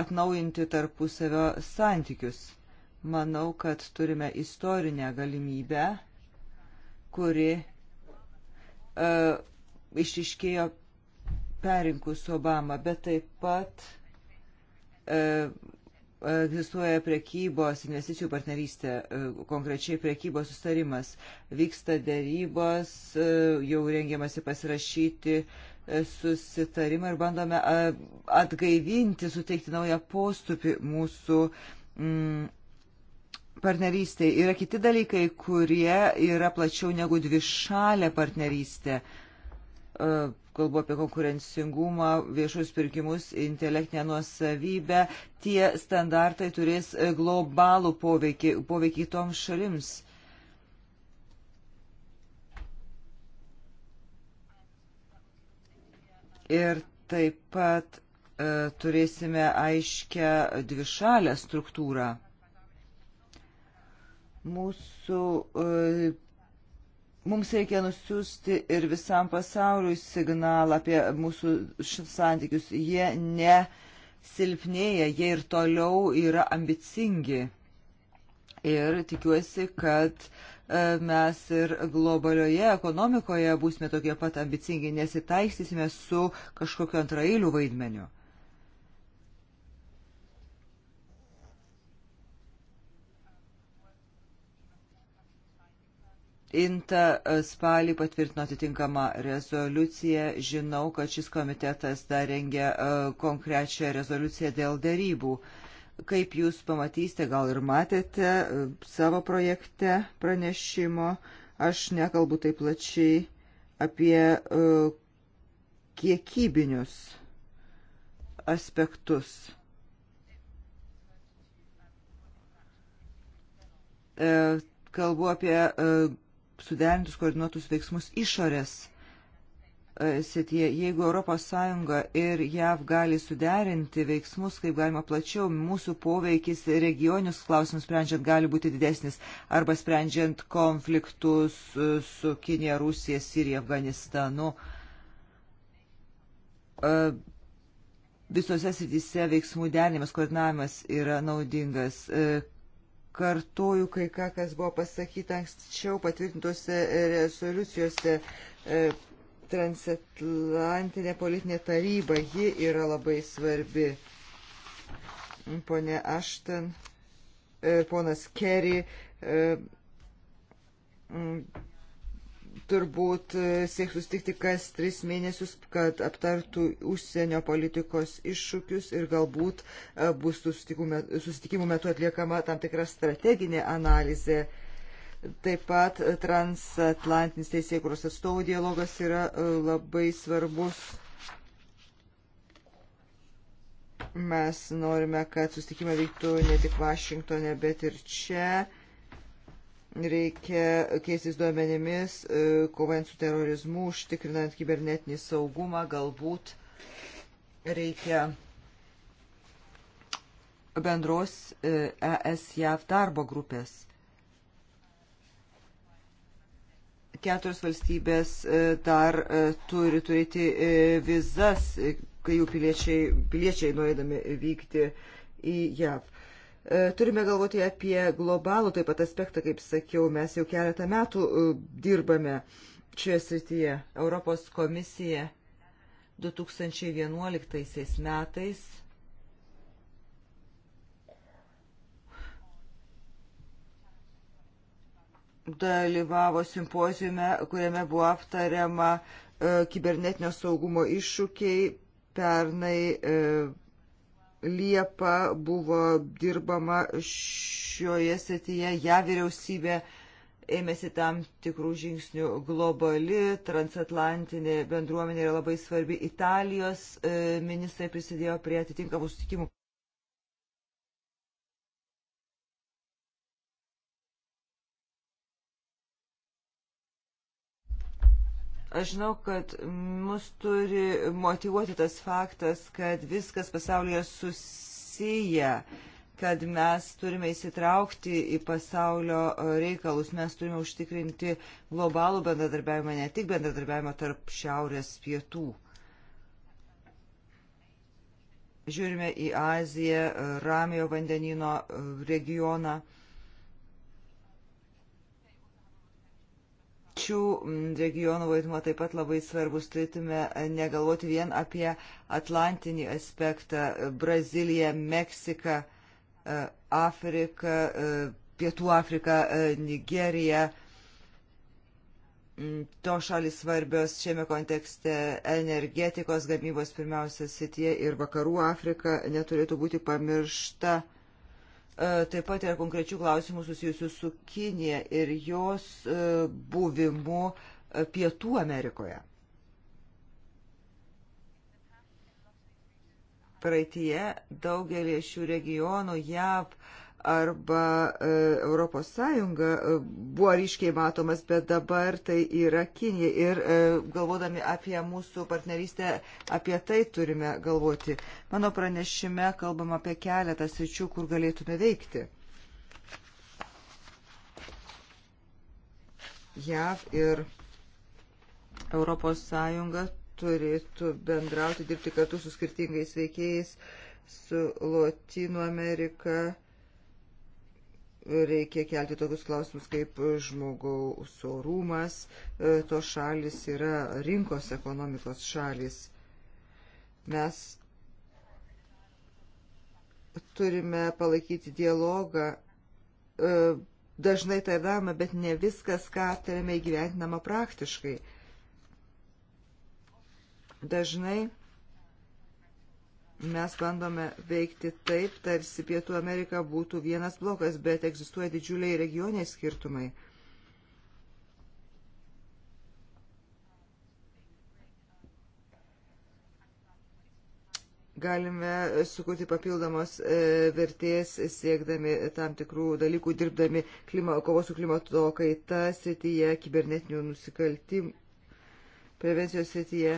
atnaujinti tarpusavio santykius. Manau, kad turime istorinę galimybę, kuri uh, e, išiškėjo perinkus Obama, bet taip pat uh, egzistuoja prekybos investicijų partnerystė, e, konkrečiai prekybos sustarimas, vyksta dėrybos, e, jau rengiamasi pasirašyti e, susitarimą ir bandome atgaivinti, suteikti naują postupį mūsų mm, partnerystė. Yra kiti dalykai, kurie yra plačiau negu dvišalė partnerystė. Uh, E, kalbu apie konkurencingumą, viešus pirkimus, intelektinę nuosavybę, tie standartai turės e, globalų poveikį, poveikį toms šalims. Ir taip pat e, turėsime aiškę dvišalę struktūrą. Mūsų e, Mums reikia nusiųsti ir visam pasauliui signalą apie mūsų santykius. Jie nesilpnėja, jie ir toliau yra ambicingi. Ir tikiuosi, kad e, mes ir globalioje ekonomikoje būsime tokie pat ambicingi, nesitaikstysime su kažkokiu antrailiu vaidmeniu. Inta e, spalį patvirtino atitinkamą rezoliuciją. Žinau, kad šis komitetas dar rengia e, konkrečią rezoliuciją dėl darybų. Kaip jūs pamatysite, gal ir matėte e, savo projekte pranešimo, aš nekalbu taip plačiai apie kiekybinius aspektus. Kalbu apie suderintus koordinuotus veiksmus išorės e, sityje. Jeigu ES ir JAV gali suderinti veiksmus, kaip galima plačiau, mūsų poveikis regionius klausimus sprendžiant gali būti didesnis arba sprendžiant konfliktus e, su Kinė, Rusija, Sirija, Afganistanu. E, visose sityse veiksmų derinimas, koordinavimas yra naudingas kartoju kai ką, kas buvo pasakyta anksčiau patvirtintose e, rezoliucijose. E, transatlantinė politinė taryba, ji yra labai svarbi. Pone Ašten, e, ponas Kerry turbūt e, sieks sustikti kas tris mėnesius, kad aptartų užsienio politikos iššūkius ir galbūt e, bus susitikimų metu atliekama tam tikra strateginė analizė. Taip pat e, transatlantinis teisėkuros atstovų dialogas yra labai svarbus. Mes norime, kad susitikimai vyktų ne tik Vašingtonė, bet ir čia reikia keistis duomenimis, e, kovojant su terorizmu, užtikrinant kibernetinį saugumą, galbūt reikia bendros ES-JAV e darbo grupės. Keturios valstybės e, dar turi turėti vizas, kai jų piliečiai, piliečiai norėdami vykti į JAV. E, turime galvoti apie globalų taip pat aspektą, kaip sakiau, mes jau keletą metų e, dirbame šioje srityje. Europos komisija 2011 metais dalyvavo simpozijume, kuriame buvo aptariama e, kibernetinio saugumo iššūkiai pernai Liepą buvo dirbama šioje srityje, ją vyriausybė ėmėsi tam tikrų žingsnių globali, transatlantinė bendruomenė yra labai svarbi, Italijos e, ministrai prisidėjo prie atitinkamų sutikimų. Aš žinau, kad mus turi motivuoti tas faktas, kad viskas pasaulyje susiję, kad mes turime įsitraukti į pasaulio e, reikalus, mes turime užtikrinti globalų bendradarbiavimą, ne tik bendradarbiavimą tarp šiaurės pietų žiūrime į Aziją, e, Ramiojo vandenino e, regioną. Pačių regionų vaidmo taip pat labai svarbus. Turėtume e, negalvoti vien apie Atlantinį aspektą e, - Braziliją, Meksiką, e, Afriką, Pietų Afriką, Nigeriją to šalis svarbios šiame kontekste energetikos gamybos pirmiausia sitie ir vakarų Afrika neturėtų būti pamiršta. E, taip pat yra konkrečių klausimų susijusių su Kinija ir jos e, buvimu e, Pietų Amerikoje. Praeitie daugelį šių regionų JAV uh, arba e, Europos Sąjunga e, buvo ryškiai matomas, bet dabar tai yra Kinija. Ir e, galvodami apie mūsų partnerystę, apie tai turime galvoti. Mano pranešime kalbam apie keletą sričių, kur galėtume veikti. JAV ir Europos Sąjunga turėtų bendrauti, dirbti kartu su skirtingais veikėjais, su Lotynų Amerika, reikia kelti tokius klausimus kaip žmogaus orumas, e, tos šalis yra rinkos ekonomikos šalis. Mes turime palaikyti dialogą, e, dažnai tai darome, bet ne viskas, ką aptarėme, įgyventinama praktiškai. Dažnai mes bandome veikti taip, tarsi Pietų Amerika būtų vienas blokas, bet egzistuoja didžiuliai regioniai skirtumai. Galime sukurti papildomos e, vertės siekdami tam tikrų dalykų, dirbdami klima, kovos su klimato kaita srityje, kibernetinių nusikaltimų prevencijos srityje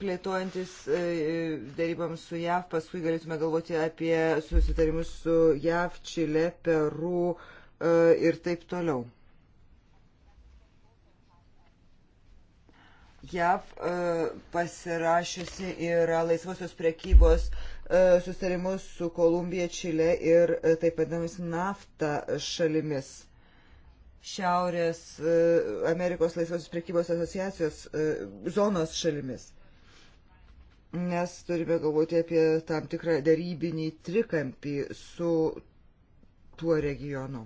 plėtojantis e, darybams su JAV, paskui galėtume galvoti apie susitarimus su JAV, Čile, Peru e, ir taip toliau. JAV e, pasirašiusi yra laisvosios prekybos susitarimus su Kolumbija, Čile ir taip vadinamis nafta šalimis. Šiaurės Amerikos laisvosios prekybos asociacijos zonos šalimis. Nes turime galvoti apie tam tikrą darybinį trikampį su tuo regionu.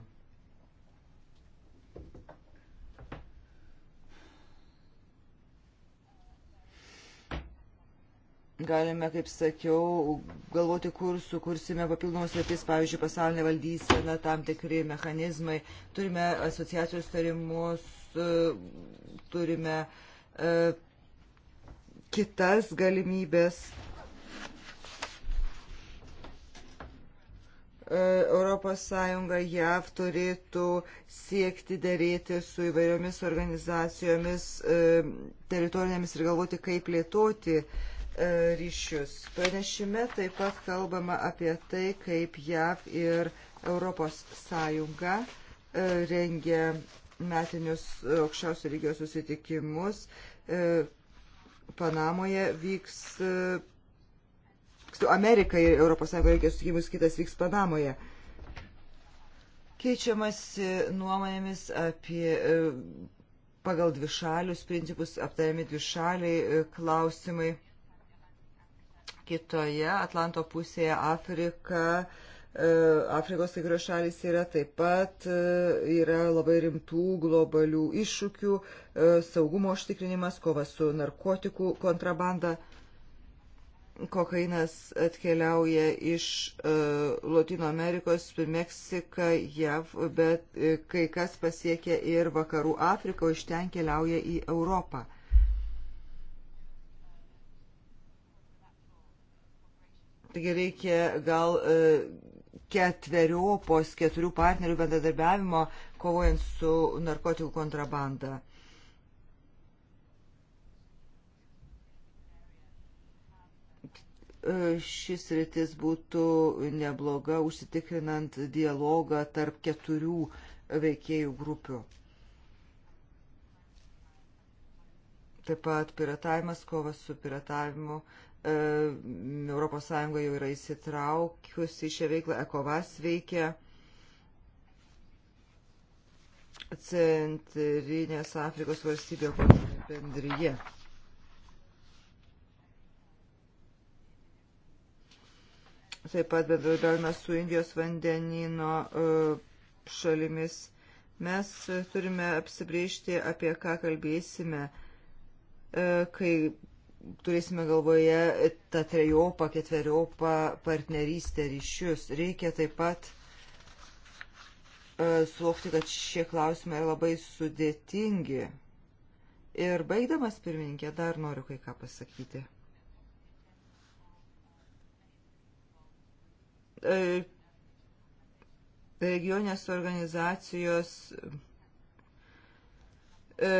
galime, kaip sakiau, galvoti, kur sukursime papildomus vietis, pavyzdžiui, pasaulinė valdysena, tam tikri mechanizmai, turime asociacijos tarimus, turime e, kitas galimybės. ES JAV turėtų siekti dėrėti su įvairiomis organizacijomis e, teritorinėmis ir galvoti, kaip plėtoti e, ryšius. Pranešime taip pat kalbama apie tai, kaip JAV ir ES e, rengia metinius aukščiausio lygio susitikimus Panamoje vyks, e, Amerika ir ES reikia sutikimus, kitas vyks Panamoje. Keičiamasi nuomonėmis apie e, pagal dvišalius principus aptariami dvišaliai e, klausimai. Kitoje Atlanto pusėje Afrika E, Afrikos kai kurios šalis yra taip pat, e, yra labai rimtų globalių iššūkių, e, saugumo užtikrinimas, kova su narkotikų kontrabanda. Kokainas atkeliauja iš Latino Amerikos, Meksiką, JAV, bet kai kas pasiekia ir vakarų Afriką, iš ten keliauja į Europą. Taigi reikia gal ketveriopos keturių partnerių bendradarbiavimo kovojant su narkotikų kontrabanda. Šis rytis būtų nebloga užsitikrinant dialogą tarp keturių veikėjų grupių. Taip pat piratavimas, kovas su piratavimu, uh, ES jau yra įsitraukiusi į šią veiklą, ECOVAS veikia, Centrinės Afrikos valstybė bendryje. Taip pat bendradarbiavime su Indijos vandenino e, šalimis. Mes turime apsibriežti, apie ką kalbėsime, e, kai turėsime galvoje tą trejopą, ketveriopą partnerystę ryšius. Reikia taip pat e, suvokti, kad šie klausimai labai sudėtingi. Ir baigdamas pirmininkė, dar noriu kai ką pasakyti. E, regionės organizacijos e,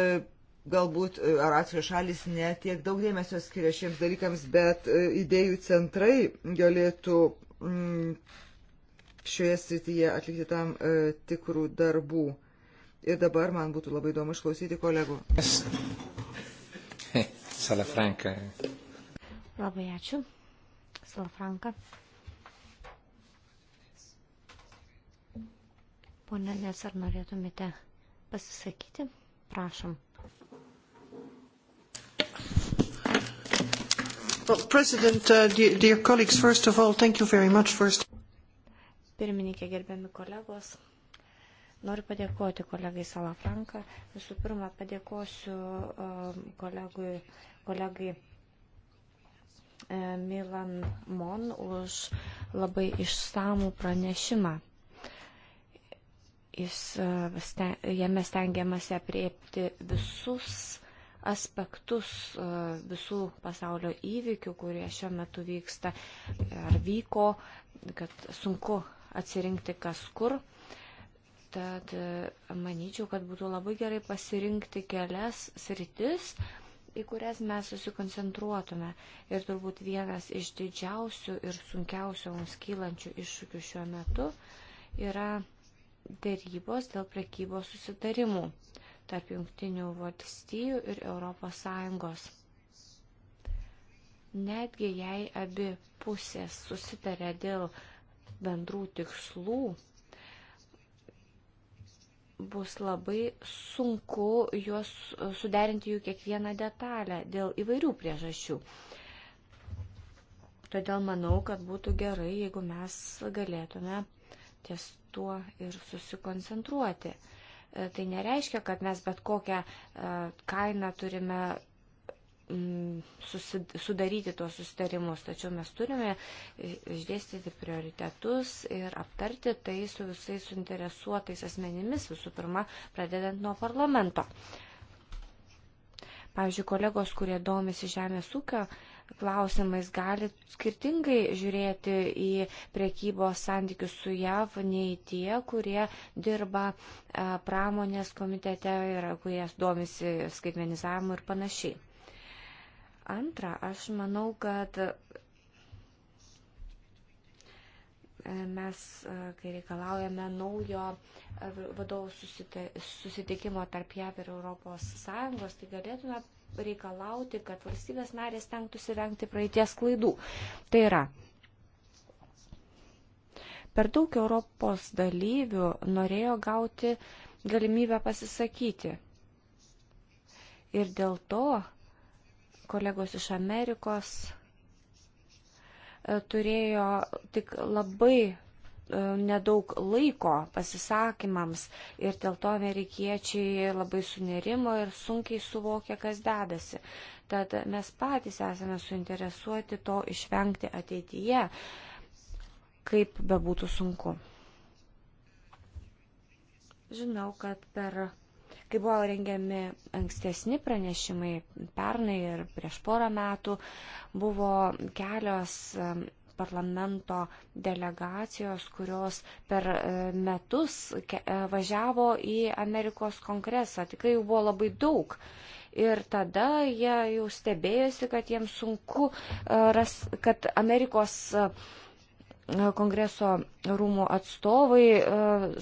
galbūt e, Aracijos šalis netiek daug dėmesio skiria šiems dalykams, bet e, idėjų centrai galėtų mm, šioje srityje atlikti tam e, tikrų darbų. Ir dabar man būtų labai įdomu išklausyti kolegų. Salafranka. Labai ačiū. Salafranka. Pone Nes, ar norėtumėte pasisakyti? Prašom. Well, President, uh, dear, dear colleagues, first of all, thank you very much for... Pirmininkė, gerbiami kolegos, noriu padėkoti kolegai Salafranką. Visų pirma, padėkosiu uh, kolegui, kolegai e, Milan Mon už labai išsamų pranešimą. Jis, e, jame stengiamasi apriepti visus aspektus e, visų pasaulio įvykių, kurie šiuo metu vyksta ar vyko, kad sunku atsirinkti kas kur. Tad e, manyčiau, kad būtų labai gerai pasirinkti kelias sritis, į kurias mes susikoncentruotume. Ir turbūt vienas iš didžiausių ir sunkiausių mums kylančių iššūkių šiuo metu yra dėrybos dėl prekybos susitarimų. Uh, tarp jungtinių valstijų ir ES. Netgi jei abi pusės susitarė dėl bendrų tikslų, bus labai sunku juos suderinti jų kiekvieną detalę dėl įvairių priežasčių. Todėl manau, kad būtų gerai, jeigu mes galėtume ties tuo ir susikoncentruoti. E, tai nereiškia, kad mes bet kokią e, kainą turime mm, sudaryti tuos susitarimus, tačiau mes turime išdėstyti prioritetus ir aptarti tai su visais suinteresuotais asmenimis, visų pirma, pradedant nuo parlamento. Pavyzdžiui, kolegos, kurie domisi žemės ūkio, uh, klausimais gali skirtingai žiūrėti į priekybos santykius su JAV nei tie, kurie dirba e, pramonės komitete ir kurie domisi skaitmenizavimu ir panašiai. Antra, aš manau, kad e, mes, e, kai reikalaujame naujo vadovų susitikimo tarp JAV ir ES, tai galėtume reikalauti, kad valstybės narės tenktųsi vengti praeities klaidų. Tai yra, per daug Europos dalyvių norėjo gauti galimybę pasisakyti. Ir dėl to kolegos iš Amerikos e, turėjo tik labai E, nedaug laiko pasisakymams ir dėl to amerikiečiai labai sunerimo ir sunkiai suvokia, kas dedasi. Tad mes patys esame suinteresuoti to išvengti ateityje, kaip bebūtų sunku. Žinau, kad per, kai buvo rengiami ankstesni pranešimai pernai ir prieš porą metų, buvo kelios parlamento delegacijos, kurios per e, metus e, važiavo į Amerikos kongresą. Tikrai jų buvo labai daug. Ir tada jie jau stebėjosi, kad jiems sunku, e, kad Amerikos kongreso rūmų atstovai e,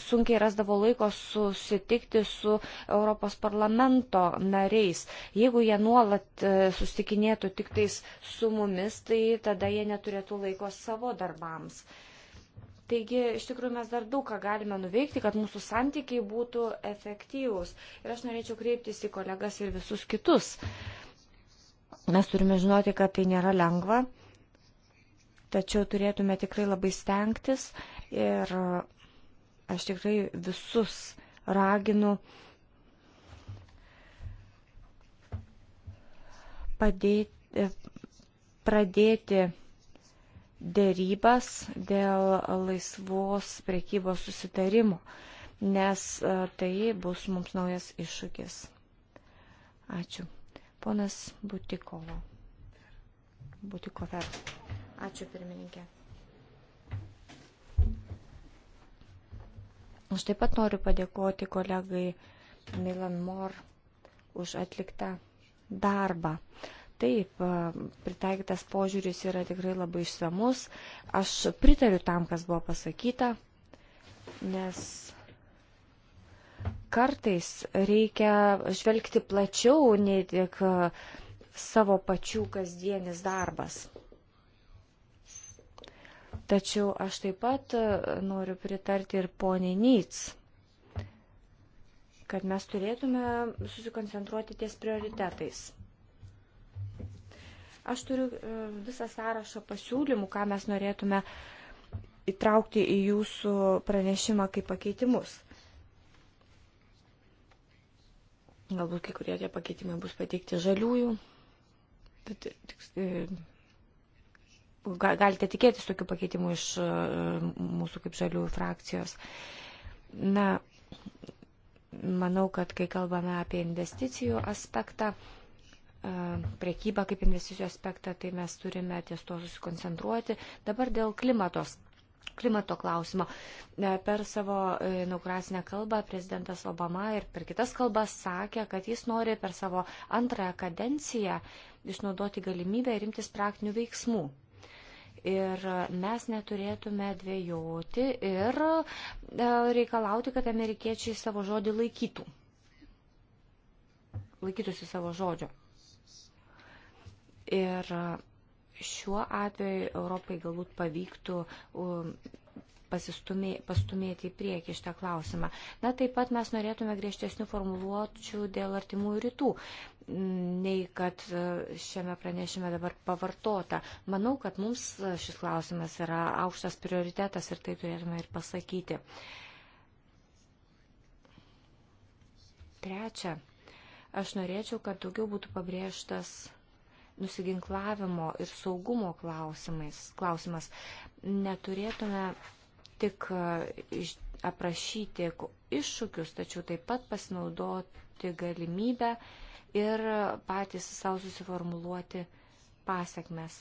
sunkiai rasdavo laiko susitikti su Europos parlamento nariais. Jeigu jie nuolat e, susitikinėtų tik tais su mumis, tai tada jie neturėtų laiko savo darbams. Taigi, iš tikrųjų, mes dar daug ką galime nuveikti, kad mūsų santykiai būtų efektyvūs. Ir aš norėčiau kreiptis į kolegas ir visus kitus. Mes turime žinoti, kad tai nėra lengva. Uh, Tačiau turėtume tikrai labai stengtis ir aš tikrai visus raginu padėti, pradėti dėrybas dėl laisvos prekybos susitarimo, nes e, tai bus mums naujas iššūkis. Ačiū. Ponas Butikovo. Butikover. Ačiū pirmininkė. Aš taip pat noriu padėkoti kolegai Milan Mor už atliktą darbą. Taip, pritaikytas požiūris yra tikrai labai išsamus. Aš pritariu tam, kas buvo pasakyta, nes kartais reikia žvelgti plačiau nei tik savo pačių kasdienis darbas. Tačiau aš taip pat e, noriu pritarti ir poniai Nyts, kad mes turėtume susikoncentruoti ties prioritetais. Aš turiu e, visą sąrašą pasiūlymų, ką mes norėtume įtraukti į jūsų pranešimą kaip pakeitimus. Galbūt kai kurie tie pakeitimai bus pateikti žaliųjų, bet e, galite tikėtis tokių pakeitimų iš e, mūsų kaip žaliųjų frakcijos. Na, manau, kad kai kalbame apie investicijų aspektą, e, priekybą kaip investicijų aspektą, tai mes turime ties to susikoncentruoti. Dabar dėl klimatos. Klimato klausimo. E, per savo inauguracinę kalbą prezidentas Obama ir per kitas kalbas sakė, kad jis nori per savo antrąją kadenciją išnaudoti galimybę ir imtis praktinių veiksmų Ir mes neturėtume dvėjoti ir e, reikalauti, kad amerikiečiai savo žodį laikytų. Laikytųsi savo žodžio. Ir šiuo atveju Europai galbūt pavyktų um, pasistumėti į priekį šitą klausimą. Na, taip pat mes norėtume griežtesnių formuluočių dėl artimųjų rytų, mm, nei kad e, šiame pranešime dabar pavartota. Manau, kad mums šis klausimas yra aukštas prioritetas ir tai turėtume ir pasakyti. Trečia, aš norėčiau, kad daugiau būtų pabrėžtas nusiginklavimo ir saugumo klausimais, klausimas. Neturėtume tik e, aprašyti iššūkius, tačiau taip pat pasinaudoti galimybę ir patys savo susiformuluoti pasiekmes.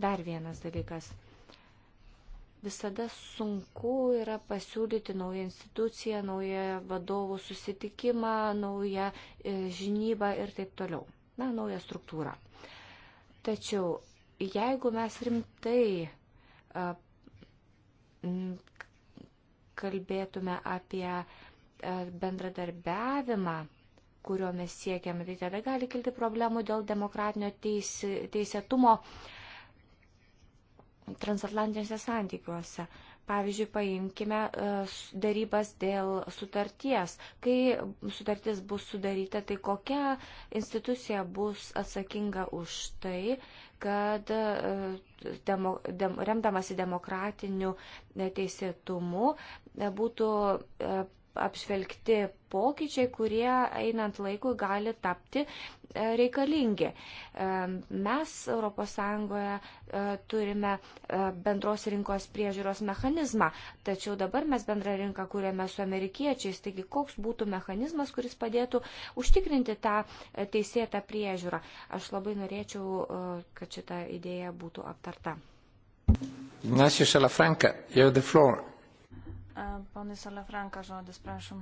Dar vienas dalykas. Visada sunku yra pasiūlyti naują instituciją, naują vadovų susitikimą, naują e, žinybą ir taip toliau. Na, naują struktūrą. Tačiau jeigu mes rimtai e, kalbėtume apie e, bendradarbiavimą, kurio mes siekiame, tai tada gali kilti problemų dėl demokratinio teisė, teisėtumo transatlantinėse santykiuose. Pavyzdžiui, paimkime e, darybas dėl sutarties. Kai sutartis bus sudaryta, tai kokia institucija bus atsakinga už tai, kad e, demo, dem, remdamasi demokratiniu e, teisėtumu būtų apžvelgti pokyčiai, kurie einant laikui gali tapti e, reikalingi. E, mes ES e, turime bendros rinkos priežiūros mechanizmą, tačiau dabar mes bendrą rinką kūrėme su amerikiečiais, taigi koks būtų mechanizmas, kuris padėtų užtikrinti tą teisėtą priežiūrą. Aš labai norėčiau, kad šita idėja būtų aptarta. Ignacio Salafranca, you have the floor. Ponai Salafranka žodis, prašom.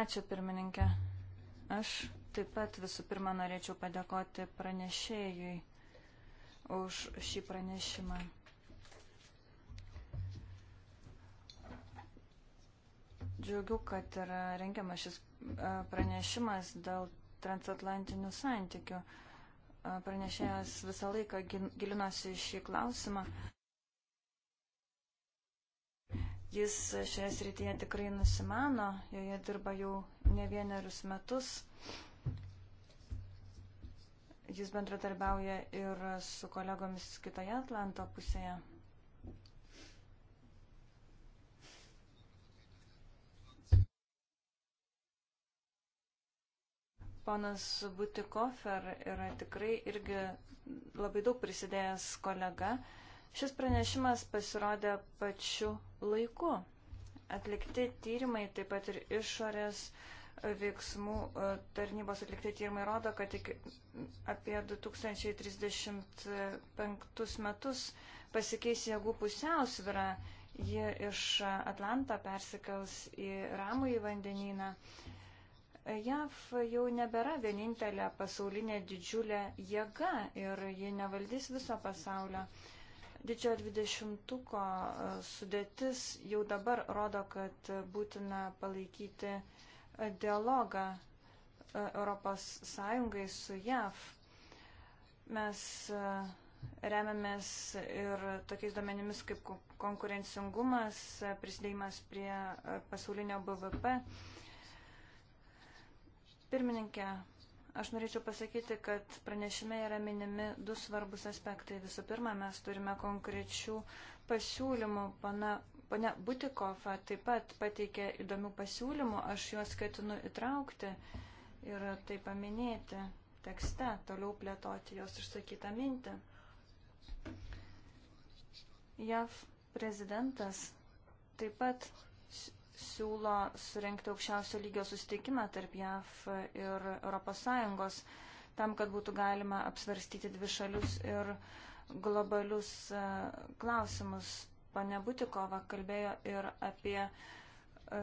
Ačiū pirmininkė. Aš taip pat visų pirma norėčiau padėkoti pranešėjui už šį pranešimą. Džiaugiu, kad yra rengiamas šis pranešimas dėl transatlantinių santykių. Pranešėjas visą laiką gilinosi šį klausimą. Jis šioje srityje tikrai nusimano, joje dirba jau ne vienerius metus. Jis bendradarbiauja ir su kolegomis kitoje Atlanto pusėje. Ponas Butikofer yra tikrai irgi labai daug prisidėjęs kolega. Uh, Šis pranešimas pasirodė pačiu laiku. Atlikti tyrimai, taip pat ir išorės veiksmų e, tarnybos atlikti tyrimai rodo, kad iki, apie 2035 metus pasikeis jėgų pusiausvyrą. Ji iš Atlanto persikels į Ramų į vandenyną. JAV jau nebėra vienintelė pasaulinė didžiulė jėga ir ji nevaldys viso pasaulio. Uh, Didžiojo dvidešimtuko e, sudėtis jau dabar rodo, kad būtina palaikyti e, dialogą ES su JAV. Mes e, remiamės ir tokiais duomenimis kaip konkurencingumas, prisidėjimas prie pasaulinio BVP. Pirmininkė, Aš norėčiau pasakyti, kad pranešime yra minimi du svarbus aspektai. Visų pirma, mes turime konkrečių pasiūlymų. Pana, pana Butikofa taip pat pateikė įdomių pasiūlymų, aš juos ketinu įtraukti ir tai paminėti tekste, toliau plėtoti jos išsakytą mintį. JAV prezidentas taip pat siūlo surinkti aukščiausio lygio susitikimą tarp JAV ir ES, tam, kad būtų galima apsvarstyti dvi šalius ir globalius e, klausimus. Pane Butikova kalbėjo ir apie e,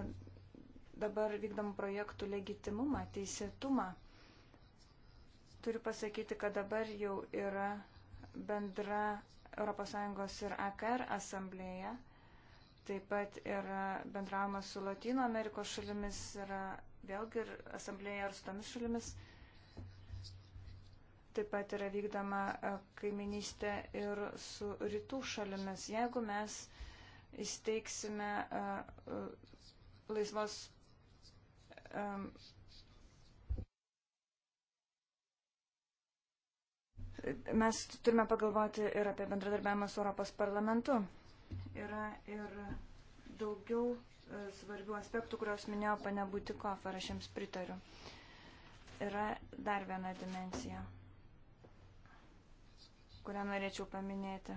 dabar vykdomų projektų legitimumą, teisėtumą. Turiu pasakyti, kad dabar jau yra bendra ES ir AKR asamblėje Taip pat yra bendravimas su Latino Amerikos šalimis, yra vėlgi ir asamblėje ar su tomis šalimis. Taip pat yra vykdama e, kaiminystė ir su rytų šalimis. Jeigu mes įsteigsime e, e, laisvos. Mes turime pagalvoti ir apie bendradarbiavimą su Europos parlamentu yra ir daugiau e, svarbių aspektų, kuriuos minėjo pane Butikov, ar aš jums pritariu. Yra dar viena dimensija, kurią norėčiau paminėti.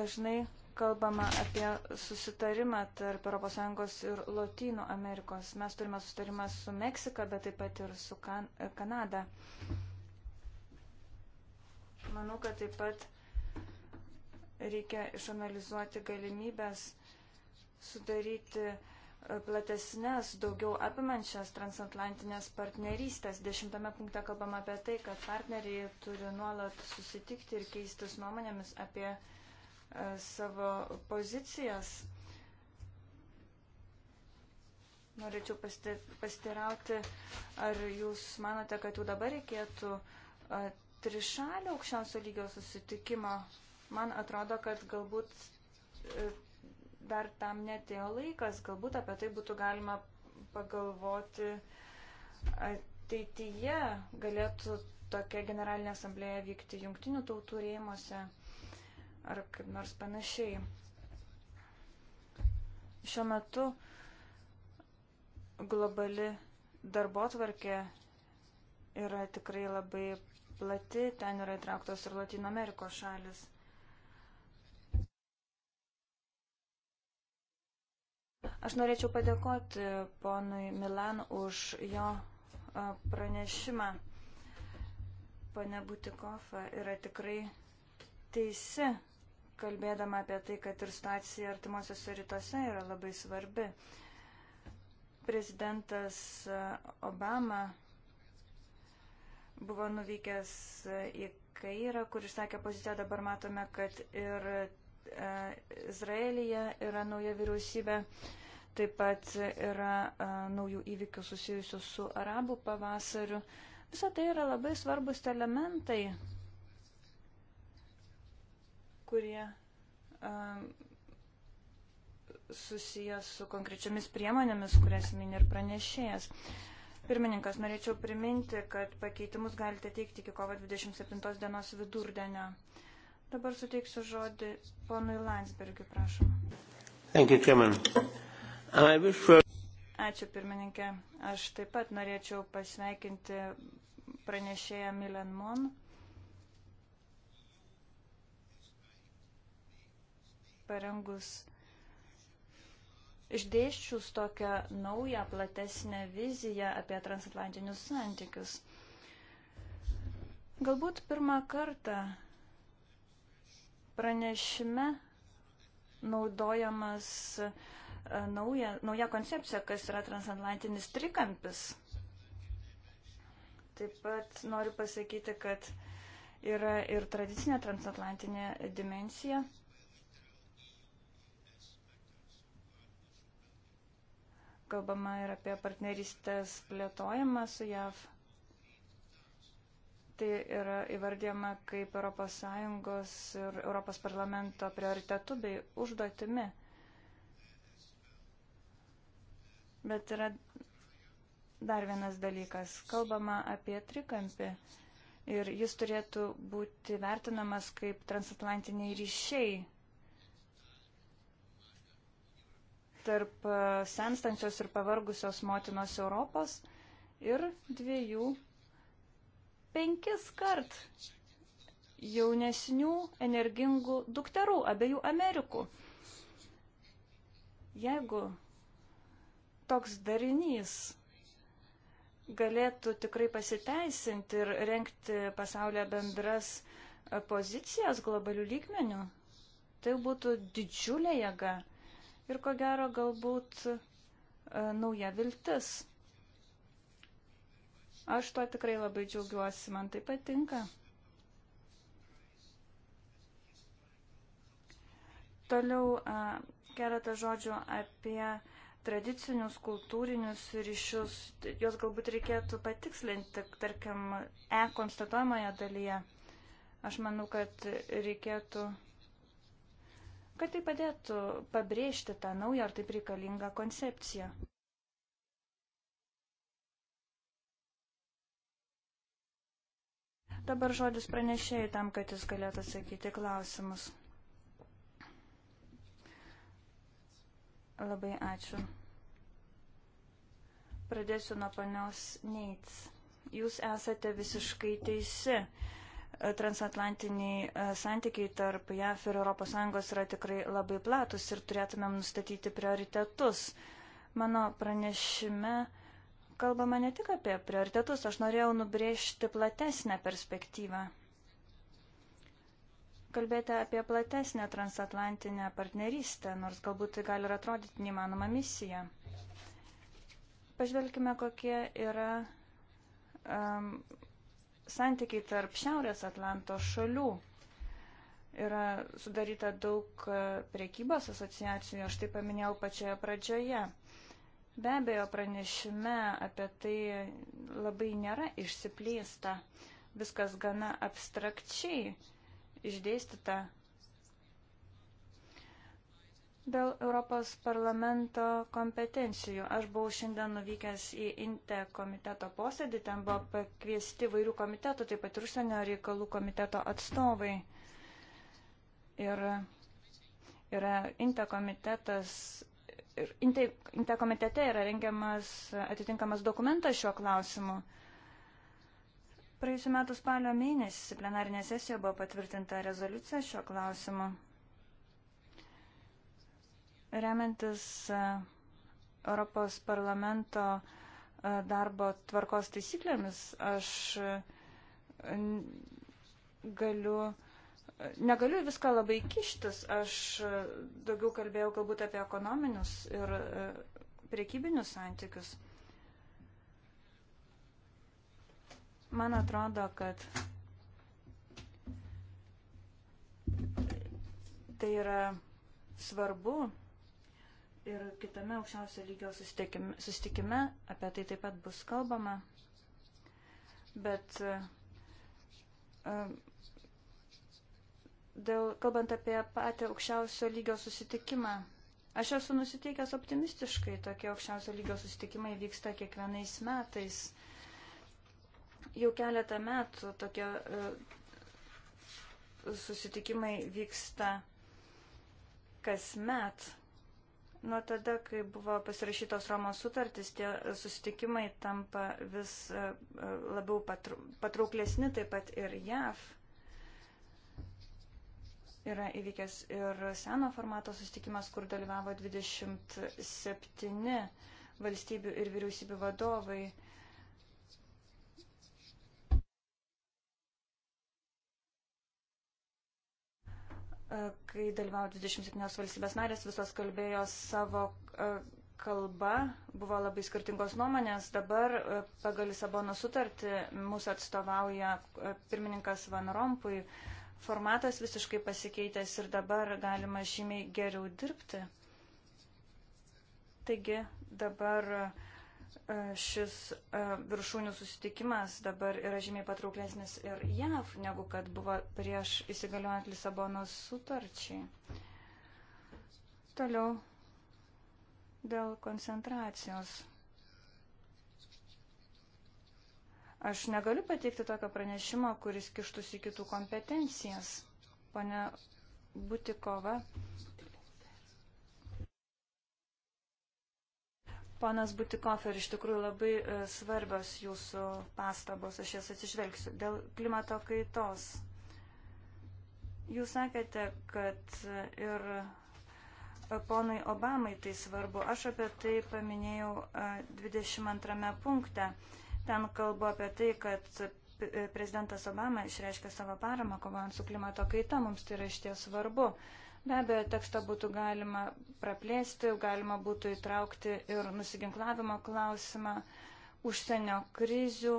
Dažnai kalbama apie susitarimą tarp ES ir Lotynų Amerikos. Mes turime susitarimą su Meksika, bet taip pat ir su kan Kanada. Manau, kad taip pat reikia išanalizuoti galimybės sudaryti e, platesnės, daugiau apimančias transatlantinės partnerystės. Dešimtame punkte kalbam apie tai, kad partneriai turi nuolat susitikti ir keistis nuomonėmis apie e, savo pozicijas. Norėčiau pastirauti, ar jūs manote, kad jau dabar reikėtų e, trišalio aukščiausio lygio susitikimo Man atrodo, kad galbūt e, dar tam netėjo laikas, galbūt apie tai būtų galima pagalvoti ateityje, galėtų tokia generalinė asamblėja vykti jungtinių tautų rėmose ar kaip nors panašiai. Šiuo metu globali darbo tvarkė yra tikrai labai plati, ten yra įtrauktos ir Latino Amerikos šalis. Aš norėčiau padėkoti ponui Milan už jo pranešimą. Pane Butikofa yra tikrai teisi, kalbėdama apie tai, kad ir situacija artimuosiuose rytuose yra labai svarbi. Prezidentas Obama buvo nuvykęs į Kairą, kur išsakė poziciją, dabar matome, kad ir E, Izraelyje yra nauja vyriausybė, taip pat yra e, naujų įvykių susijusių su arabų pavasariu. Visą tai yra labai svarbus elementai, kurie e, susijęs su konkrečiomis priemonėmis, kurias mini ir pranešėjas. Pirmininkas, norėčiau priminti, kad pakeitimus galite teikti iki kovo 27 dienos vidurdienio. Dabar suteiksiu žodį ponui Landsbergiu, prašom. Thank you, Chairman. I wish for... Ačiū, pirmininkė. Aš taip pat norėčiau pasveikinti pranešėją Milan Mon. Parengus išdėščius tokią naują, platesnę viziją apie transatlantinius santykius. Galbūt pirmą kartą Pranešime naudojamas e, nauja, nauja koncepcija, kas yra transatlantinis trikampis. Taip pat noriu pasakyti, kad yra ir tradicinė transatlantinė dimensija. Kalbama ir apie partnerystės plėtojimą su JAV tai yra įvardyjama kaip ES ir ES parlamento prioritetu bei užduotimi. Bet yra dar vienas dalykas. Kalbama apie trikampį ir jis turėtų būti vertinamas kaip transatlantiniai ryšiai tarp senstančios ir pavargusios motinos Europos ir dviejų penkis kart jaunesnių, energingų dukterų, abiejų Amerikų. Jeigu toks darinys galėtų tikrai pasiteisinti ir renkti pasaulyje bendras e, pozicijas globalių lygmenių, tai būtų didžiulė jėga ir ko gero galbūt e, nauja viltis. Aš to tikrai labai džiaugiuosi, man tai patinka. Toliau keletą žodžių apie tradicinius kultūrinius ryšius. Jos galbūt reikėtų patikslinti, tarkim, E konstatuojamoje dalyje. Aš manau, kad reikėtų, kad tai padėtų pabrėžti tą naują ar taip reikalingą koncepciją. Dabar žodis pranešėjai tam, kad jis galėtų atsakyti klausimus. Labai ačiū. Pradėsiu nuo panios Neits. Jūs esate visiškai teisi. Transatlantiniai e, santykiai tarp JAF ir ES yra tikrai labai platus ir turėtumėm nustatyti prioritetus. Mano pranešime uh, kalbama ne tik apie prioritetus, aš norėjau nubrėžti platesnę perspektyvą. Kalbėti apie platesnę transatlantinę partnerystę, nors galbūt tai gali ir atrodyti neįmanoma misija. Pažvelkime, kokie yra um, santykiai tarp Šiaurės Atlanto šalių yra sudaryta daug uh, priekybos asociacijų, aš tai paminėjau pačioje pradžioje. Be abejo, pranešime apie tai labai nėra išsiplėsta, viskas gana abstrakčiai išdėstyta. Dėl Europos parlamento kompetencijų. Aš buvau šiandien nuvykęs į INTE komiteto posėdį, ten buvo pakviesti vairių komitetų, taip pat ir užsienio reikalų komiteto atstovai. Ir yra INTE komitetas ir interkomitete yra rengiamas atitinkamas dokumentas šiuo klausimu. Praėjusiu metu spalio mėnesį plenarinė sesija buvo patvirtinta rezoliucija šiuo klausimu. Remiantis e, Europos parlamento e, darbo tvarkos taisyklėmis, aš galiu negaliu viską labai kištis, aš daugiau kalbėjau galbūt apie ekonominius ir e, priekybinius santykius. Man atrodo, kad tai yra svarbu ir kitame aukščiausio lygio susitikime, susitikime apie tai taip pat bus kalbama. Bet e, dėl, kalbant apie patį aukščiausio lygio susitikimą. Aš esu nusiteikęs optimistiškai, tokie aukščiausio lygio susitikimai vyksta kiekvienais metais. Jau keletą metų tokie e, susitikimai vyksta kasmet. Nuo tada, kai buvo pasirašytos Romos sutartys, tie e, susitikimai tampa vis e, labiau patrauklesni, taip pat ir JAV Yra įvykęs ir seno formato sustikimas, kur dalyvavo 27 valstybių ir vyriausybių vadovai. E, kai dalyvavo 27 valstybės narės, visos kalbėjo savo e, kalba, buvo labai skirtingos nuomonės. Dabar e, pagal Lisabono sutartį mūsų atstovauja pirmininkas Van Rompui formatas visiškai pasikeitęs ir dabar galima žymiai geriau dirbti. Taigi dabar e, šis e, viršūnių susitikimas dabar yra žymiai patrauklesnis ir JAV, negu kad buvo prieš įsigaliojant Lisabonos sutarčiai. Toliau dėl koncentracijos. Aš negaliu pateikti tokio pranešimo, kuris kištųsi kitų kompetencijas. Pane Butikova. Ponas Butikofer, iš tikrųjų labai e, svarbios jūsų pastabos, aš jas atsižvelgsiu. Dėl klimato kaitos. Jūs sakėte, kad e, ir e, ponui Obamai tai svarbu. Aš apie tai paminėjau 22 punkte. Ten kalbu apie tai, kad prezidentas Obama išreiškė savo paramą kovant su klimato kaita, mums tai yra išties svarbu. Be abejo, tekstą būtų galima praplėsti, galima būtų įtraukti ir nusiginklavimo klausimą, užsienio krizių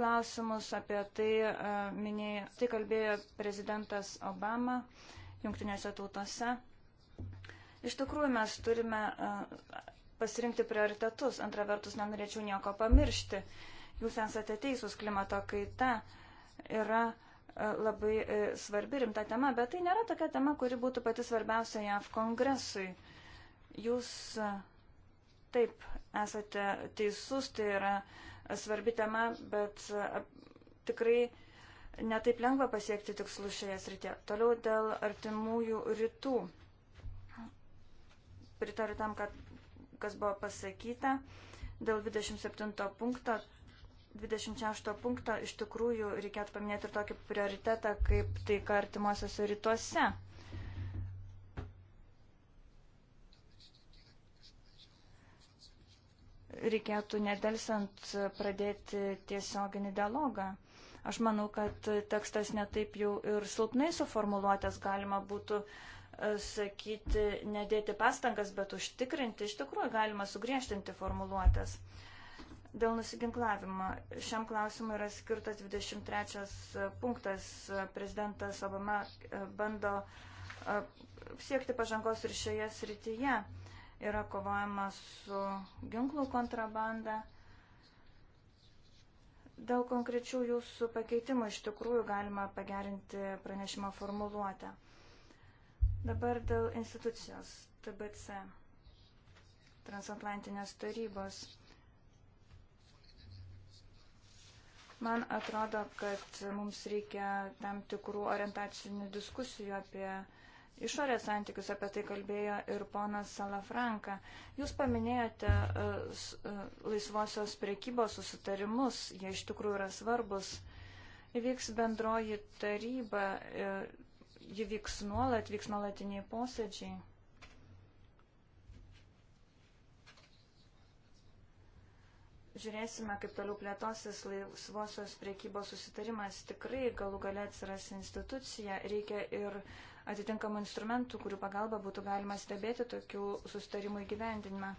klausimus, apie tai e, minėjo, tai kalbėjo prezidentas Obama jungtinėse tautose. Iš tikrųjų, mes turime e, pasirinkti prioritetus, antra vertus, nenorėčiau nieko pamiršti. Jūs esate teisūs, klimato kaita yra e, labai e, svarbi rimta tema, bet tai nėra tokia tema, kuri būtų pati svarbiausia JAV kongresui. Jūs e, taip esate teisus, tai yra svarbi tema, bet tikrai netaip lengva pasiekti tikslus šioje srityje. Toliau dėl artimųjų rytų. Pritariu tam, kad, kas buvo pasakyta. Dėl 27 punkto 26 punkto iš tikrųjų reikėtų paminėti ir tokį prioritetą kaip taika artimuosiuose rytuose. Reikėtų nedelsiant pradėti tiesioginį dialogą. Aš manau, kad tekstas netaip jau ir silpnai suformuluotės galima būtų e, sakyti, nedėti pastangas, bet užtikrinti, iš tikrųjų galima sugriežtinti formuluotės. Uh, Dėl nusiginklavimo. Šiam klausimui yra skirtas 23 punktas. Prezidentas Obama e, bando e, siekti pažangos ir šioje srityje. Yra kovojama su ginklų kontrabanda. Dėl konkrečių jūsų pakeitimų iš tikrųjų galima pagerinti pranešimo formuluotę. Dabar dėl institucijos TBC, transatlantinės tarybos. Man atrodo, kad mums reikia tam tikrų orientacinių diskusijų apie išorės santykius, apie tai kalbėjo ir ponas Salafranka. Jūs paminėjote e, e, laisvosios priekybos susitarimus, jie iš tikrųjų yra svarbus. Įvyks bendroji taryba, e, ji vyks nuolat, vyks nuolatiniai posėdžiai. žiūrėsime, kaip toliau plėtosis laisvosios priekybos susitarimas. Tikrai galų gale atsiras institucija, reikia ir atitinkamų instrumentų, kurių pagalba būtų galima stebėti tokių susitarimų įgyvendinimą.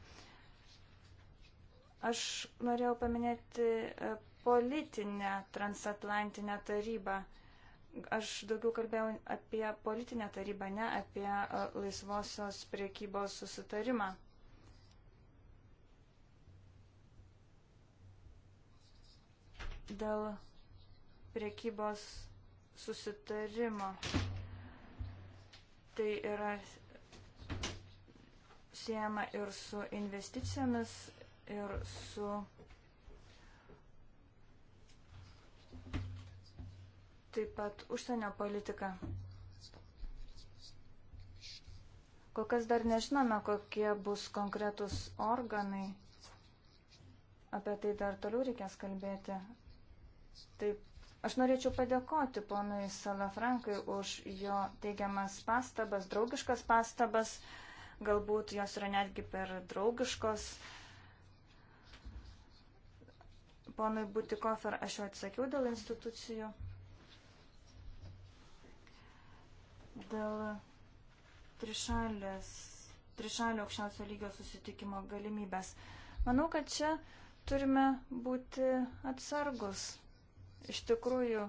Aš norėjau paminėti e, politinę transatlantinę tarybą. Aš daugiau kalbėjau apie politinę tarybą, ne apie e, laisvosios priekybos susitarimą. dėl priekybos susitarimo. Tai yra siejama ir su investicijomis, ir su taip pat užsienio politika. Kol kas dar nežinome, kokie bus konkretus organai. Apie tai dar toliau reikės kalbėti. Taip, aš norėčiau padėkoti ponui Salafrankai už jo teigiamas pastabas, draugiškas pastabas, galbūt jos yra netgi per draugiškos. Ponui Butikofer aš jau atsakiau dėl institucijų. Dėl trišalės, trišalio aukščiausio lygio susitikimo galimybės. Manau, kad čia turime būti atsargus. Iš tikrųjų,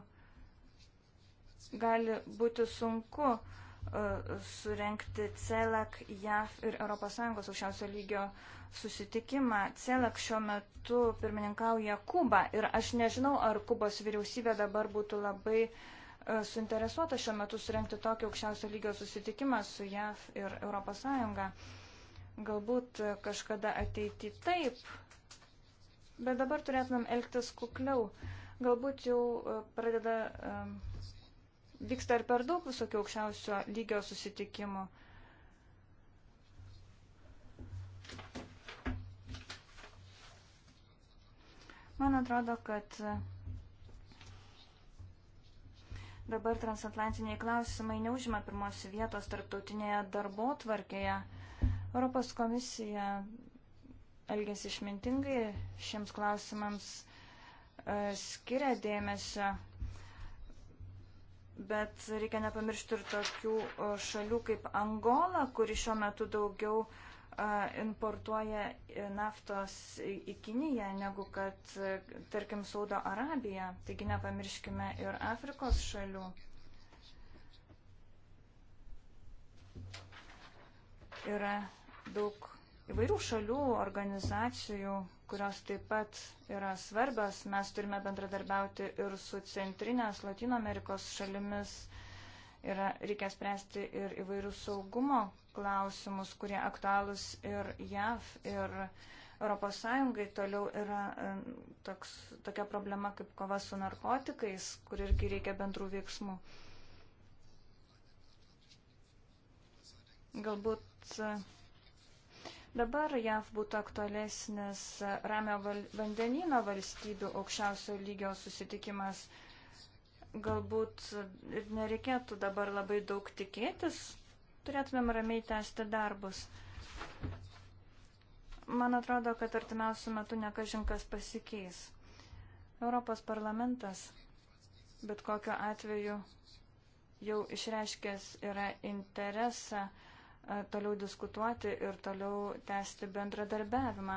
gali būti sunku e, surenkti CELAC, e JAF ir ES aukščiausio lygio susitikimą. CELAC e šiuo metu pirmininkauja Kuba ir aš nežinau, ar Kubos vyriausybė dabar būtų labai suinteresuota šiuo metu surenkti tokį aukščiausio lygio susitikimą su JAF ir ES. Galbūt kažkada ateity taip, bet dabar turėtumėm elgtis kukliau. Uh, Galbūt jau e, pradeda, e, vyksta ir per daug visokių aukščiausio lygio susitikimų. Man atrodo, kad e, dabar transatlantiniai klausimai neužima pirmos vietos tarptautinėje darbo tvarkėje. Europos komisija elgėsi išmintingai šiems klausimams E, skiria dėmesio, bet reikia nepamiršti ir tokių e, šalių kaip Angola, kuri šiuo metu daugiau e, importuoja naftos į Kiniją negu kad, tarkim, Saudo Arabija. Taigi nepamirškime ir Afrikos šalių. Yra daug įvairių šalių, organizacijų, kurios taip pat yra svarbios. Mes turime bendradarbiauti ir su centrinės Latino Amerikos šalimis. Yra, reikia spręsti ir įvairių saugumo klausimus, kurie aktualūs ir JAV, ir ES. Toliau yra toks, tokia problema kaip kova su narkotikais, kur irgi reikia bendrų veiksmų. Galbūt Dabar JAV būtų aktualesnis Ramio vandenino valstybių aukščiausio lygio susitikimas. Galbūt ir nereikėtų dabar labai daug tikėtis, turėtumėm ramiai tęsti darbus. Man atrodo, kad artimiausių metų nekažinkas pasikeis. Europos parlamentas, bet kokiu atveju, jau išreiškęs yra interesą toliau diskutuoti ir toliau tęsti bendradarbiavimą.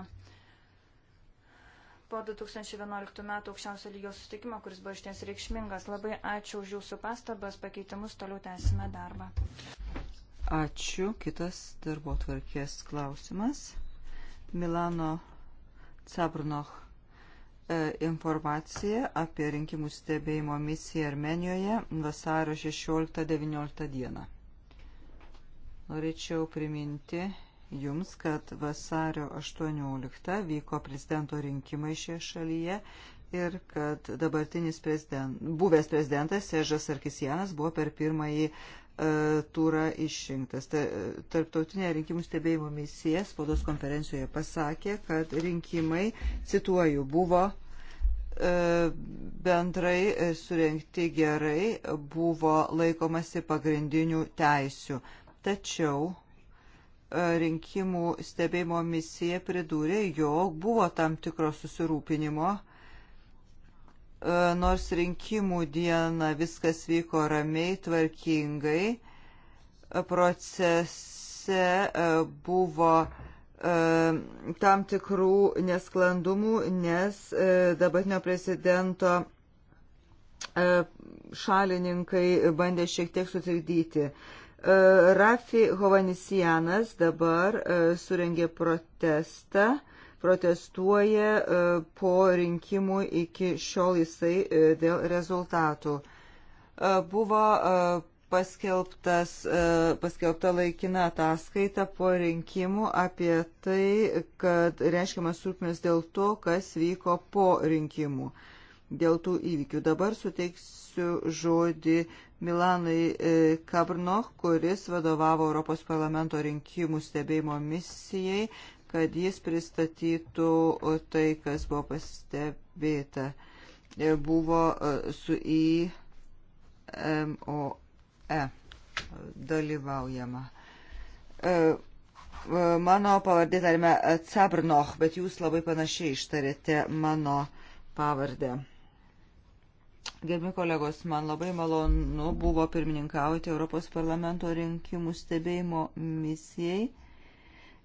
Po 2011 metų aukščiausio lygio sustikimo, kuris buvo išties reikšmingas, labai ačiū už jūsų pastabas, pakeitimus, toliau tęsime darbą. Ačiū. Kitas darbo tvarkės klausimas. Milano Cabrnoch e, informacija apie rinkimų stebėjimo misiją Armenijoje vasario 16-19 dieną. Norėčiau priminti Jums, kad vasario 18 vyko prezidento rinkimai šioje šalyje ir kad dabartinis prezident, buvęs prezidentas Sežas Arkisianas buvo per pirmąjį e, turą išrinktas. Ta, tarptautinė rinkimų stebėjimo misija spaudos konferencijoje pasakė, kad rinkimai, cituoju, buvo e, bendrai surenkti gerai, buvo laikomasi pagrindinių teisių tačiau e, rinkimų stebėjimo misija pridūrė, jog buvo tam tikro susirūpinimo, e, nors rinkimų dieną viskas vyko ramiai, tvarkingai, e, procese buvo tam tikrų nesklandumų, nes dabartinio prezidento šalininkai bandė šiek tiek sutrikdyti Rafi Hovanisianas dabar e, surengė protestą, protestuoja e, po rinkimų iki šiol jisai e, dėl rezultatų. Buvo paskelbtas, paskelbta laikina ataskaita po rinkimų apie tai, kad reiškiamas rūpmės dėl to, kas vyko po rinkimų dėl tų įvykių. Dabar suteiksiu žodį Milanui e, Kabrnoch, kuris vadovavo Europos parlamento rinkimų stebėjimo misijai, kad jis pristatytų tai, kas buvo pastebėta. E, buvo e, su IMOE dalyvaujama. Mano pavardė tarime Cabrnoch, bet jūs labai panašiai ištarėte mano pavardę. Gerbiami kolegos, man labai malonu buvo pirmininkauti Europos parlamento rinkimų stebėjimo misijai.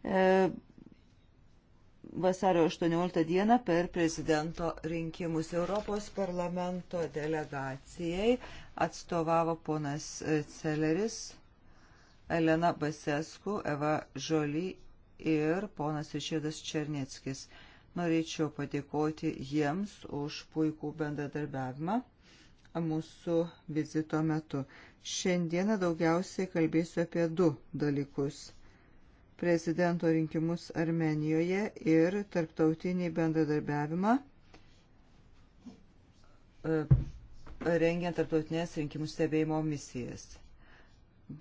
E, vasario 18 dieną per prezidento rinkimus Europos parlamento delegacijai atstovavo ponas Celeris, Elena Basesku, Eva Žoly ir ponas Išėdas Černieckis. Norėčiau padėkoti jiems už puikų bendradarbiavimą mūsų vizito metu. Šiandieną daugiausiai kalbėsiu apie du dalykus - prezidento rinkimus Armenijoje ir tarptautinį bendradarbiavimą e, rengiant tarptautinės rinkimų stebėjimo misijas.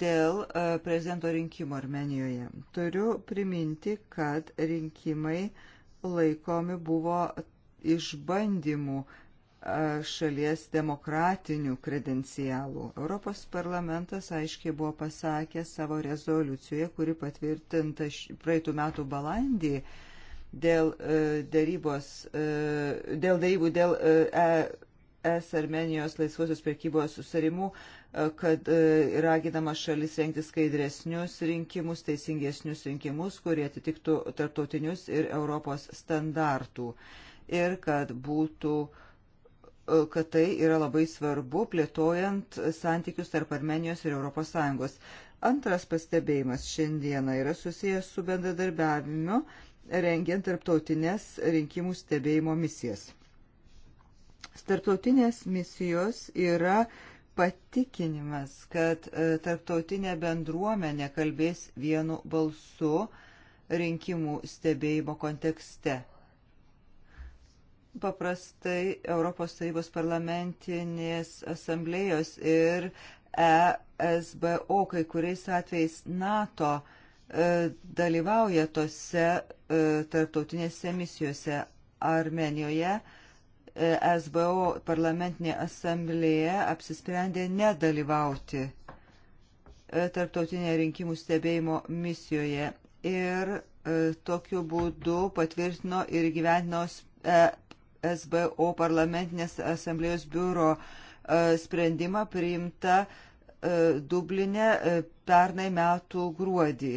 Dėl e, prezidento rinkimų Armenijoje turiu priminti, kad rinkimai laikomi buvo išbandymų šalies demokratinių kredencialų. Europos parlamentas aiškiai buvo pasakęs savo rezoliucijoje, kuri patvirtinta praeitų metų balandį dėl e, darybos, e, dėl darybų, dėl ES e, Armenijos laisvosios prekybos susarimų, kad raginama šalis rengti skaidresnius rinkimus, teisingesnius rinkimus, kurie atitiktų tarptautinius ir Europos standartų ir kad būtų uh, E, kad tai yra labai svarbu plėtojant santykius tarp Armenijos ir ES. Antras pastebėjimas šiandieną yra susijęs su bendradarbiavimu rengiant tarptautinės rinkimų stebėjimo misijas. Tarptautinės misijos yra patikinimas, kad e, tarptautinė bendruomenė kalbės vienu balsu rinkimų stebėjimo kontekste Paprastai Europos Sąjungos parlamentinės asamblėjos ir ESBO, kai kuriais atvejais NATO e, dalyvauja tose e, tarptautinėse misijose Armenijoje. E, SBO parlamentinė asamblėje apsisprendė nedalyvauti tarptautinėje rinkimų stebėjimo misijoje ir tokiu būdu patvirtino ir gyventino SBO parlamentinės asamblėjos biuro e, sprendimą priimta e, Dublinė e, pernai metų gruodį.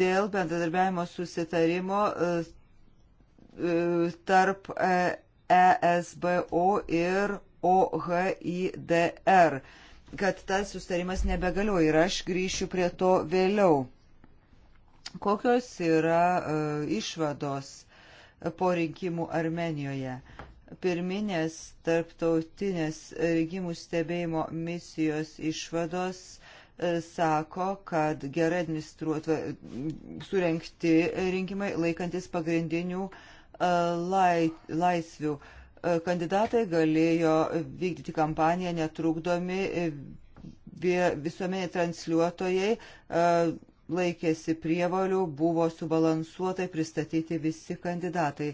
Dėl bendradarbiavimo susitarimo tarp ESBO ir OHIDR, kad tas sustarimas nebegalioja ir aš grįšiu prie to vėliau. Kokios yra išvados? po rinkimų Armenijoje. Pirminės tarptautinės rinkimų stebėjimo misijos išvados e, sako, kad gerai administruoti, surenkti rinkimai laikantis pagrindinių e, lai, laisvių. E, kandidatai galėjo vykdyti kampaniją netrukdomi visuomenė transliuotojai laikėsi prievalių, buvo subalansuotai pristatyti visi kandidatai.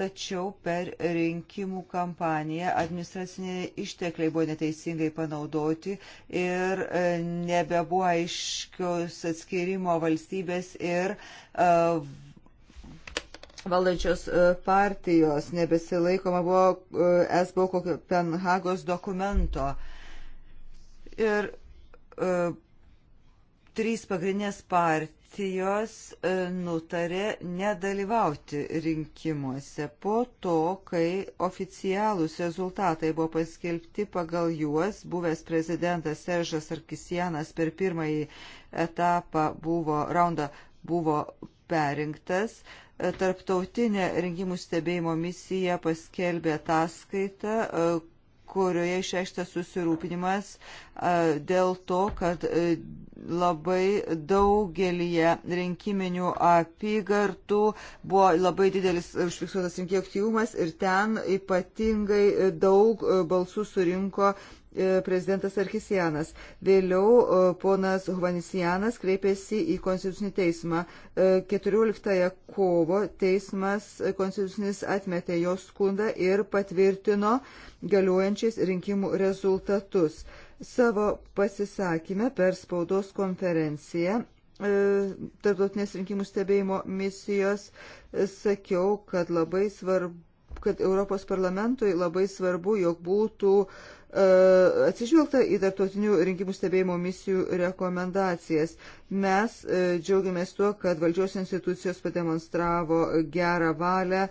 Tačiau per rinkimų kampaniją administraciniai ištekliai buvo neteisingai panaudoti ir e, nebebuvo aiškios atskirimo valstybės ir uh, valdančios e, partijos nebesilaikoma buvo esbo kokio Penhagos dokumento. Ir uh, trys pagrindinės partijos e, nutarė nedalyvauti rinkimuose. Po to, kai oficialūs rezultatai buvo paskelbti pagal juos, buvęs prezidentas Seržas Arkisianas per pirmąjį etapą buvo, raundą buvo perinktas, e, tarptautinė rinkimų stebėjimo misija paskelbė ataskaitą, e, kurioje išreikštas susirūpinimas dėl to, kad e, labai daugelie rinkiminių apygardų buvo labai didelis užfiksuotas rinkėjų aktyvumas ir ten ypatingai daug e, balsų surinko E, prezidentas Arkisianas. Vėliau e, ponas Huvanisianas kreipėsi į Konstitucinį teismą. 14 e, kovo teismas Konstitucinis atmetė jo skundą ir patvirtino galiuojančiais rinkimų rezultatus. Savo pasisakymę per spaudos konferenciją Tarptautinės rinkimų stebėjimo misijos sakiau, kad labai svarbu kad Europos parlamentui labai svarbu, jog būtų e, atsižvelgta į tarptautinių rinkimų stebėjimo misijų rekomendacijas. Mes e, džiaugiamės tuo, kad valdžios institucijos pademonstravo gerą valią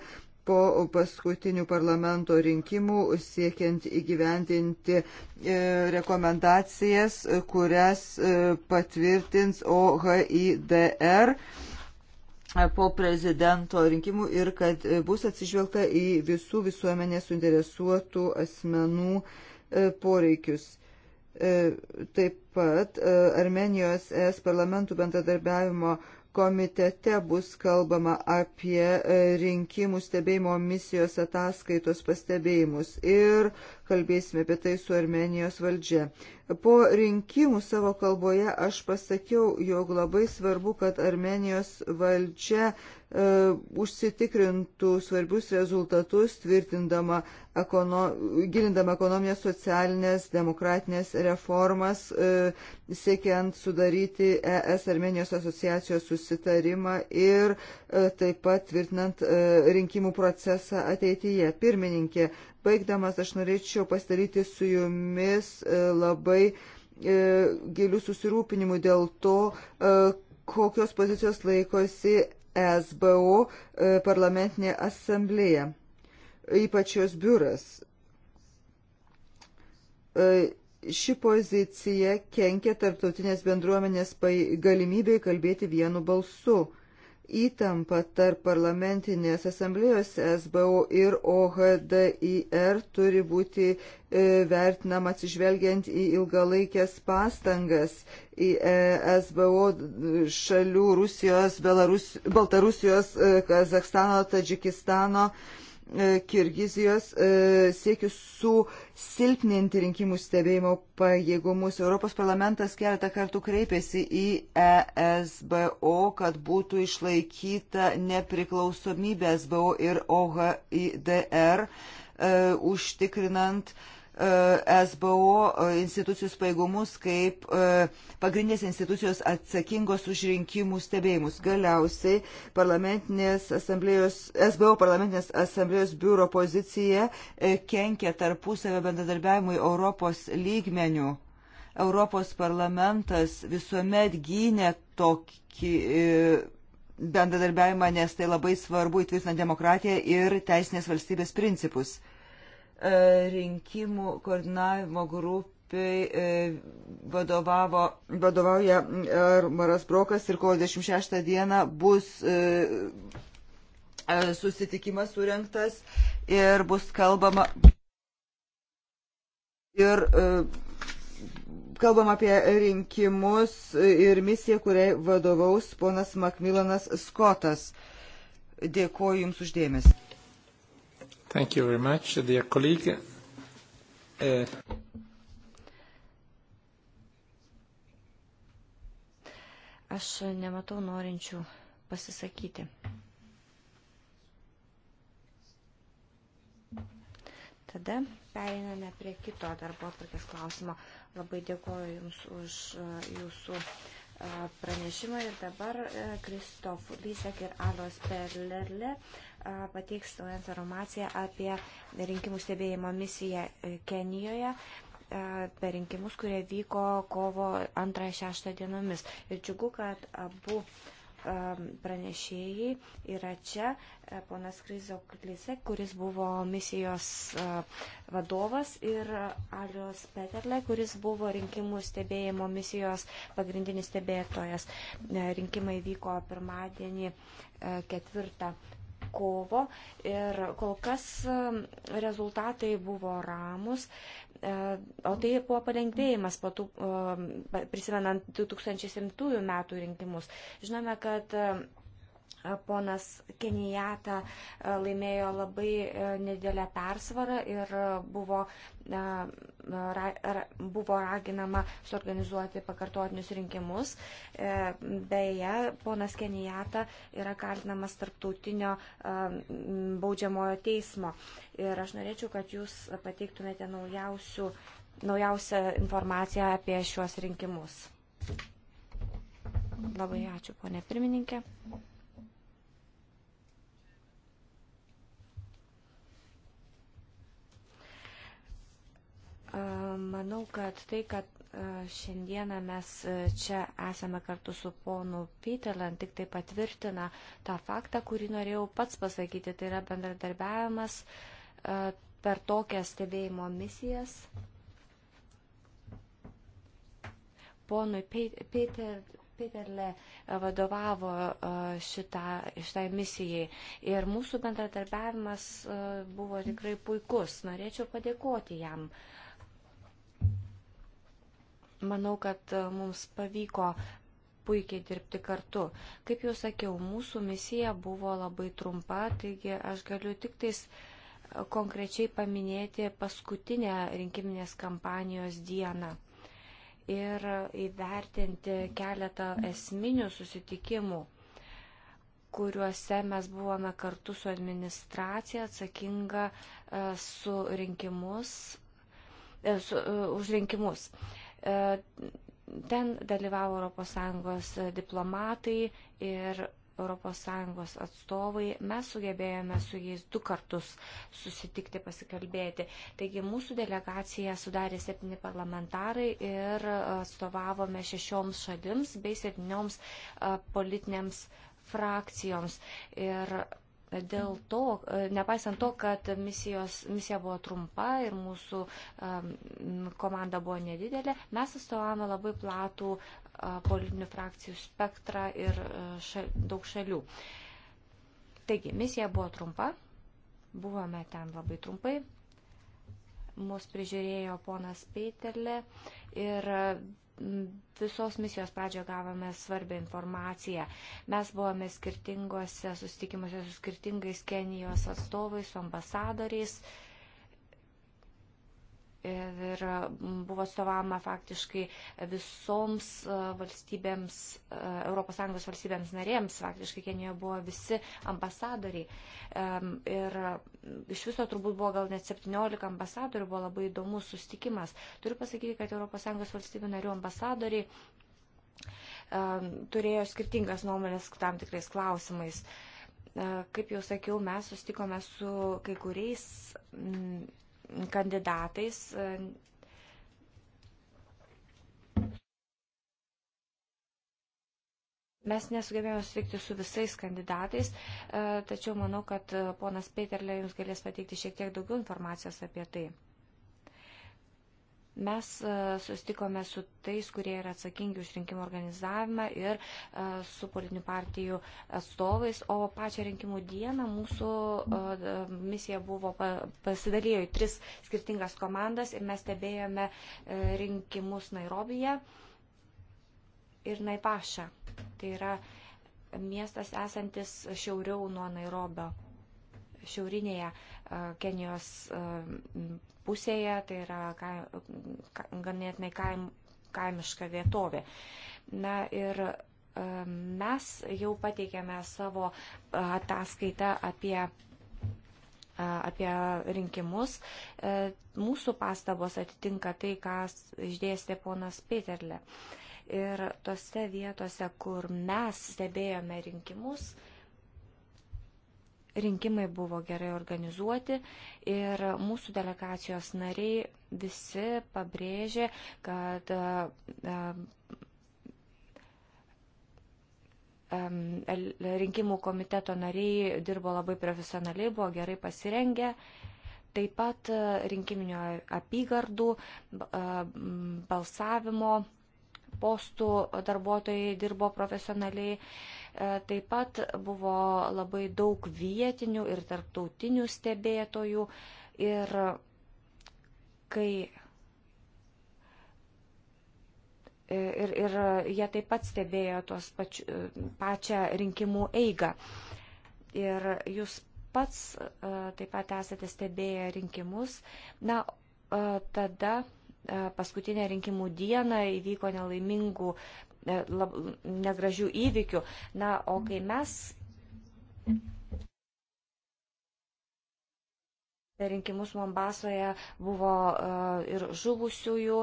po paskutinių parlamento rinkimų siekiant įgyvendinti e, rekomendacijas, kurias e, patvirtins OHIDR. E, po prezidento rinkimų ir kad bus atsižvelgta į visų visuomenės suinteresuotų asmenų e, poreikius. E, taip pat e, Armenijos ES parlamentų bendradarbiavimo komitete bus kalbama apie rinkimų stebėjimo misijos ataskaitos pastebėjimus ir kalbėsime apie tai su Armenijos valdžia. Po rinkimų savo kalboje aš pasakiau, jog labai svarbu, kad Armenijos valdžia e, užsitikrintų svarbius rezultatus, tvirtindama, ekono, gilindama ekonominės, socialinės, demokratinės reformas, e, siekiant sudaryti ES Armenijos asociacijos susitarimą ir e, taip pat tvirtinant e, rinkimų procesą ateityje. Pirmininkė, baigdamas aš norėčiau norėčiau pasidaryti su jumis e, labai e, gilių susirūpinimų dėl to, e, kokios pozicijos laikosi SBO parlamentinė asamblėja, ypač jos biuras ši pozicija kenkia tarptautinės bendruomenės galimybėj kalbėti vienu balsu įtampa tarp parlamentinės asamblėjos SBO ir OHDIR turi būti e, vertinama atsižvelgiant į ilgalaikės pastangas į e, SBO šalių Rusijos, Belarus, Baltarusijos, e, Kazakstano, Tadžikistano E, Kirgizijos e, siekius susilpninti rinkimų stebėjimo pajėgumus. Europos parlamentas keletą kartų kreipėsi į ESBO, kad būtų išlaikyta nepriklausomybė SBO ir OHIDR, e, užtikrinant uh, SBO e, institucijų spaigumus kaip e, pagrindinės institucijos atsakingos už rinkimų stebėjimus. Galiausiai parlamentinės asamblėjos, SBO parlamentinės asamblėjos biuro pozicija e, kenkia tarpusavio bendradarbiavimui Europos lygmenių. Europos parlamentas visuomet gynė tokį bendradarbiavimą, nes tai labai svarbu įtvirtina demokratiją ir teisinės valstybės principus E, rinkimų koordinavimo grupiai e, vadovavo, vadovauja Maras Brokas ir kovo 26 dieną bus e, susitikimas surinktas ir bus kalbama ir kalbam apie rinkimus ir misiją, kuriai vadovaus ponas Makmilanas Skotas. Dėkuoju Jums uždėmesi. Thank you very much, dear colleague. Uh... Aš nematau norinčių pasisakyti. Tada pereiname prie kito darbo atvarkės klausimo. Labai dėkoju Jums už uh, Jūsų uh, pranešimą ir dabar uh, e, Kristof Lysek ir Alos Perlerle pateiks naują informaciją apie rinkimų stebėjimo misiją e, Kenijoje per rinkimus, kurie vyko kovo 2-6 dienomis. Ir džiugu, kad abu pranešėjai yra čia ponas Krizo Klise, kuris buvo misijos vadovas ir Alios Peterle, kuris buvo rinkimų stebėjimo misijos pagrindinis stebėtojas. E, rinkimai vyko pirmadienį e, ketvirtą kovo ir kol kas um, rezultatai buvo ramus. E, o tai buvo palengvėjimas po tų, um, prisimenant 2007 metų rinkimus. Žinome, kad um, ponas Kenijata e, laimėjo labai e, nedėlę persvarą ir e, buvo, ra, buvo raginama suorganizuoti pakartotinius rinkimus. Beje, ponas Kenijata yra kaltinamas tarptautinio baudžiamojo teismo. Ir aš norėčiau, kad jūs pateiktumėte naujausių, naujausią informaciją apie šiuos rinkimus. Labai ačiū, ponė pirmininkė. Manau, kad tai, kad šiandieną mes čia esame kartu su ponu Pytelan, tik tai patvirtina tą faktą, kurį norėjau pats pasakyti, tai yra bendradarbiavimas per tokias stebėjimo misijas. Ponui Peter, Peterle vadovavo šitą, šitai misijai. Ir mūsų bendradarbiavimas buvo tikrai puikus. Norėčiau padėkoti jam. Uh, Manau, kad e, mums pavyko puikiai dirbti kartu. Kaip jau sakiau, mūsų misija buvo labai trumpa, taigi aš galiu tik tais e, konkrečiai paminėti paskutinę rinkiminės kampanijos dieną ir įvertinti keletą esminių susitikimų, kuriuose mes buvome kartu su administracija atsakinga e, su rinkimus, su, už rinkimus. E, ten dalyvavo ES diplomatai ir ES atstovai, mes sugebėjome su jais du kartus susitikti, pasikalbėti. Taigi mūsų delegaciją sudarė septyni parlamentarai ir atstovavome šešioms šalims bei septynioms e, politinėms frakcijoms. Ir Dėl to, e, nepaisant to, kad misijos, misija buvo trumpa ir mūsų komanda buvo nedidelė, mes atstovavome labai platų e, politinių frakcijų spektrą ir e, šal, daug šalių. Taigi, misija buvo trumpa, buvome ten labai trumpai, mus prižiūrėjo ponas Peterle ir visos misijos pradžioje gavome svarbę informaciją. Mes buvome skirtingose susitikimuose su skirtingais Kenijos atstovais, su ambasadoriais. Uh, ir buvo stovama faktiškai visoms e, valstybėms, e, ES valstybėms narėms, faktiškai Kenijoje buvo visi ambasadoriai. Ir iš viso turbūt buvo gal net 17 ambasadorių, buvo labai įdomus sustikimas. Turiu pasakyti, kad ES valstybių narių ambasadoriai turėjo skirtingas nuomonės tam tikrais klausimais. E, kaip jau sakiau, mes sustikome su kai kuriais kandidatais. E, mes nesugebėjome sutikti su visais kandidatais, e, tačiau manau, kad e, ponas Peterle jums galės pateikti šiek tiek daugiau informacijos apie tai. Mes e, sustikome su tais, kurie yra atsakingi už rinkimų organizavimą ir e, su politinių partijų atstovais, o pačią rinkimų dieną mūsų e, misija buvo pasidalėjo į tris skirtingas komandas ir mes stebėjome rinkimus Nairobije ir Naipašą. Tai yra miestas esantis šiauriau nuo Nairobio, šiaurinėje Kenijos pusėje, tai yra ganėtinai kaim, kaimiška vietovė. Na ir mes jau pateikėme savo ataskaitą apie apie rinkimus. Mūsų pastabos atitinka tai, ką išdėstė ponas Peterle. Ir tose vietose, kur mes stebėjome rinkimus, uh, rinkimai buvo gerai organizuoti ir mūsų delegacijos nariai visi pabrėžė, kad e, rinkimų komiteto nariai dirbo labai profesionaliai, buvo gerai pasirengę. Taip pat e, rinkiminio apygardų e, balsavimo postų darbuotojai dirbo profesionaliai. E, taip pat buvo labai daug vietinių ir tarptautinių stebėtojų. Ir kai e, ir, ir jie taip pat stebėjo tos pač, e, pačią rinkimų eigą. Ir jūs pats taip pat esate stebėję rinkimus. Na, tada E, paskutinę rinkimų dieną įvyko nelaimingų, e, lab, negražių įvykių. Na, o kai mes rinkimus Mombasoje buvo uh, ir žuvusiųjų.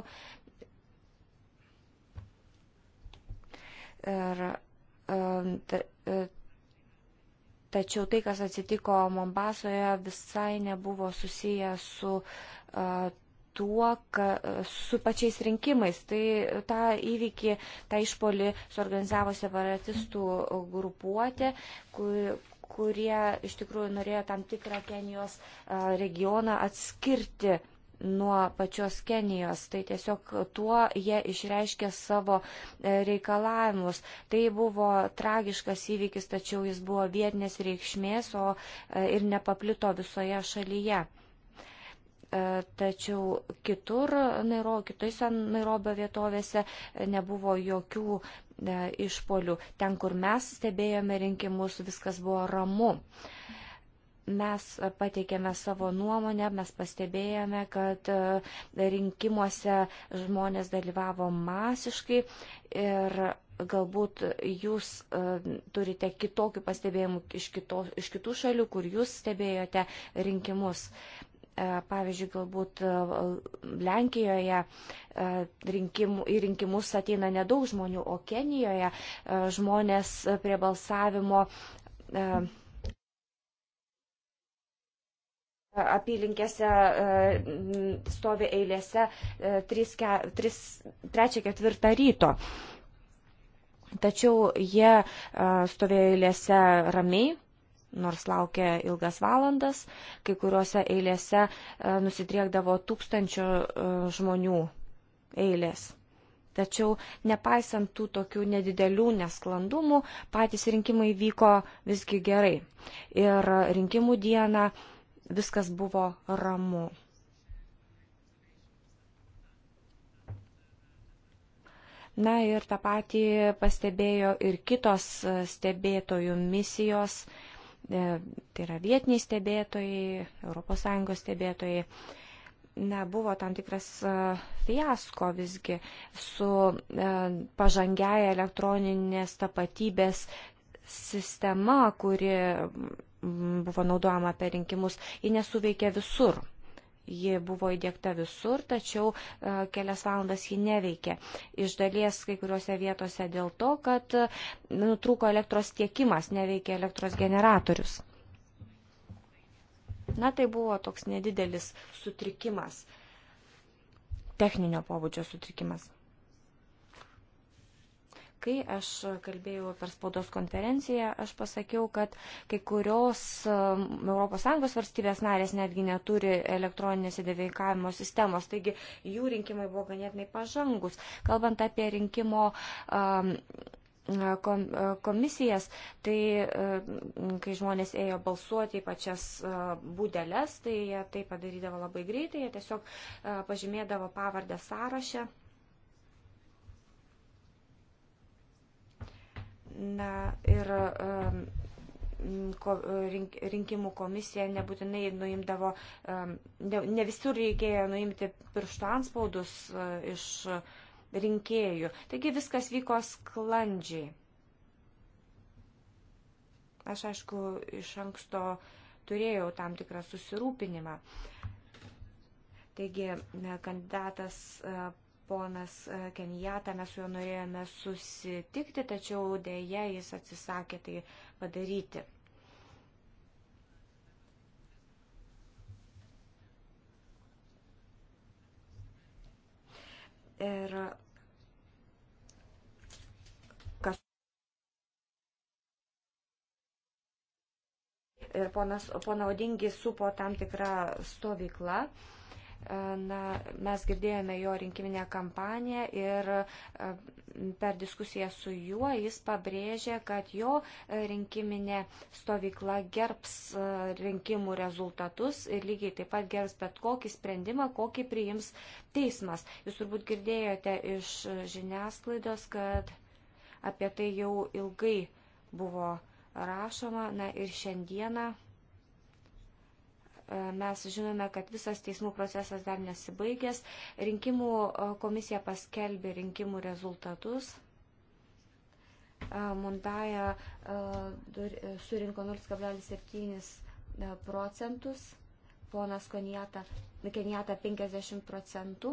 Ir, uh, ta, uh, tačiau tai, kas atsitiko Mombasoje, visai nebuvo susiję su uh, tuo, ka, su pačiais rinkimais. Tai tą įvykį, tą išpolį suorganizavo separatistų grupuotė, kur, kurie iš tikrųjų norėjo tam tikrą Kenijos regioną atskirti nuo pačios Kenijos. Tai tiesiog tuo jie išreiškė savo e, reikalavimus. Tai buvo tragiškas įvykis, tačiau jis buvo vietinės reikšmės o, e, ir nepaplito visoje šalyje. E, tačiau kitur, Nairo, kitose Nairobio vietovėse nebuvo jokių e, išpolių. Ten, kur mes stebėjome rinkimus, viskas buvo ramu. Mes pateikėme savo nuomonę, mes pastebėjome, kad e, rinkimuose žmonės dalyvavo masiškai ir galbūt jūs turite kitokių pastebėjimų iš, kito, iš kitų šalių, kur jūs stebėjote rinkimus. Uh, E, pavyzdžiui, galbūt e, Lenkijoje e, rinkimu, į rinkimus ateina nedaug žmonių, o Kenijoje žmonės prie balsavimo apylinkėse stovi eilėse 3-4 ryto. Tačiau jie stovėjo eilėse ramiai, nors laukia ilgas valandas, kai kuriuose eilėse e, nusidriekdavo tūkstančių e, žmonių eilės. Tačiau nepaisant tų tokių nedidelių nesklandumų, patys rinkimai vyko visgi gerai. Ir rinkimų dieną viskas buvo ramu. Na ir tą patį pastebėjo ir kitos stebėtojų misijos, uh, E, tai yra vietiniai stebėtojai, ES stebėtojai. Na, buvo tam tikras e, fiasko visgi su e, pažangiaja elektroninės tapatybės sistema, kuri buvo naudojama per rinkimus, ji nesuveikė visur. Ji buvo įdėkta visur, tačiau e, kelias valandas ji neveikė. Iš dalies kai kuriuose vietose dėl to, kad e, nutrūko elektros tiekimas, neveikė elektros generatorius. Na tai buvo toks nedidelis sutrikimas, techninio pobūdžio sutrikimas. Kai aš kalbėjau per spaudos konferenciją, aš pasakiau, kad kai kurios um, ES valstybės narės netgi neturi elektroninės įdėveikavimo sistemos, taigi jų rinkimai buvo ganėtinai pažangus. Kalbant apie rinkimo. Um, komisijas, tai um, kai žmonės ėjo balsuoti į pačias uh, būdelės, tai jie tai padarydavo labai greitai, jie tiesiog uh, pažymėdavo pavardę sąrašę Na ir um, rinkimų komisija nebūtinai nuimdavo, um, ne visur reikėjo nuimti pirštų anspaudus uh, iš rinkėjų. Taigi viskas vyko sklandžiai. Aš aišku, iš anksto turėjau tam tikrą susirūpinimą. Taigi kandidatas uh, ponas e, Kenijata, mes su juo norėjome susitikti, tačiau dėja jis atsisakė tai padaryti. Ir kas. Ir ponas, pona Odingi supo tam tikrą stovyklą. Uh, Na, mes girdėjome jo rinkiminę kampaniją ir e, per diskusiją su juo jis pabrėžė, kad jo e, rinkiminė stovykla gerbs e, rinkimų rezultatus ir lygiai taip pat gerbs bet kokį sprendimą, kokį priims teismas. Jūs turbūt girdėjote iš žiniasklaidos, kad apie tai jau ilgai buvo rašoma. Na ir šiandieną mes žinome, kad visas teismų procesas dar nesibaigęs. Rinkimų e, komisija paskelbė rinkimų rezultatus. E, Mundaja e, surinko 0,7 procentus, ponas Kenijata 50 procentų.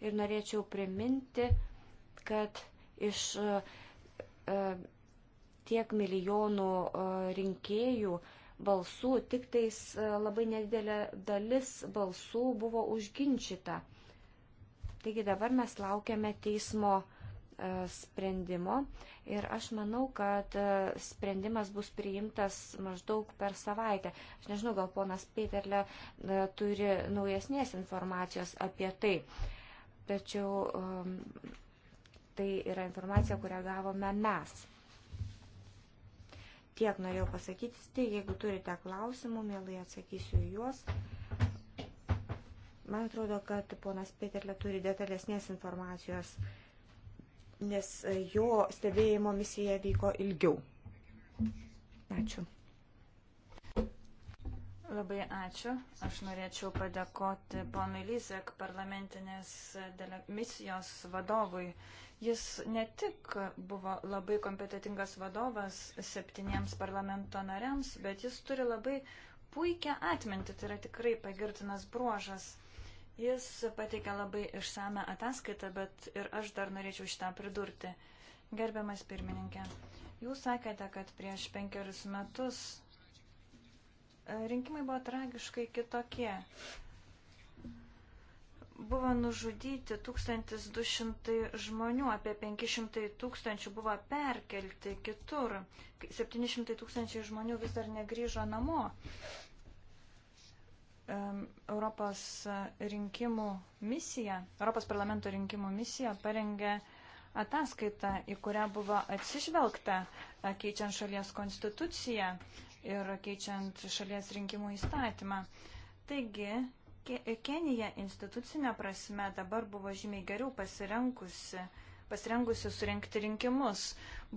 Ir norėčiau priminti, kad iš tiek milijonų rinkėjų uh, balsų, tik tais e, labai nedidelė dalis balsų buvo užginčyta. Taigi dabar mes laukiame teismo e, sprendimo ir aš manau, kad e, sprendimas bus priimtas maždaug per savaitę. Aš nežinau, gal ponas Peterle turi naujesnės informacijos apie tai. Tačiau tai yra informacija, kurią gavome mes tiek norėjau pasakyti, tai jeigu turite klausimų, mielai atsakysiu juos. Man atrodo, kad ponas Peterle turi detalesnės informacijos, nes jo stebėjimo misija vyko ilgiau. Ačiū. Labai ačiū. Aš norėčiau padėkoti ponui Lyzek parlamentinės misijos vadovui. Jis ne tik buvo labai kompetitingas vadovas septyniems parlamento nariams, bet jis turi labai puikią atmintį, tai yra tikrai pagirtinas bruožas. Jis pateikė labai išsame ataskaitą, bet ir aš dar norėčiau šitą pridurti. Gerbiamas pirmininkė, jūs sakėte, kad prieš penkerius metus Rinkimai buvo tragiškai kitokie. Buvo nužudyti 1200 žmonių, apie 500 tūkstančių buvo perkelti kitur, 700 tūkstančių žmonių vis dar negrįžo namo. Europos rinkimų misija, Europos parlamento rinkimų misija parengė ataskaitą, į kurią buvo atsižvelgta keičiant šalies konstituciją ir keičiant šalies rinkimų įstatymą. Taigi, Kenija institucinė prasme dabar buvo žymiai geriau pasirengusi, pasirengusi surinkti rinkimus.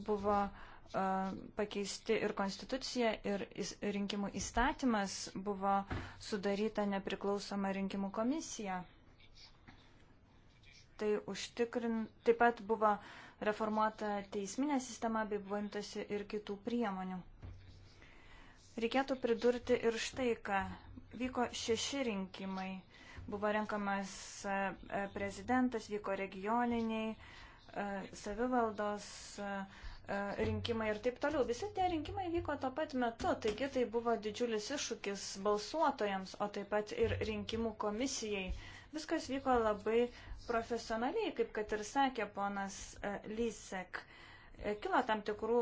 Buvo uh, pakeisti ir konstitucija, ir rinkimų įstatymas, buvo sudaryta nepriklausoma rinkimų komisija. Tai užtikrin, taip pat buvo reformuota teisminė sistema, bei buvo imtasi ir kitų priemonių. Reikėtų pridurti ir štai, ką vyko šeši rinkimai. Buvo renkamas e, e, prezidentas, vyko regioniniai, e, savivaldos rinkimai ir taip toliau. Visi tie rinkimai vyko tuo pat metu, taigi tai buvo didžiulis iššūkis balsuotojams, o taip pat ir rinkimų komisijai. Viskas vyko labai profesionaliai, kaip kad ir sakė ponas Lysek. Kilo tam tikrų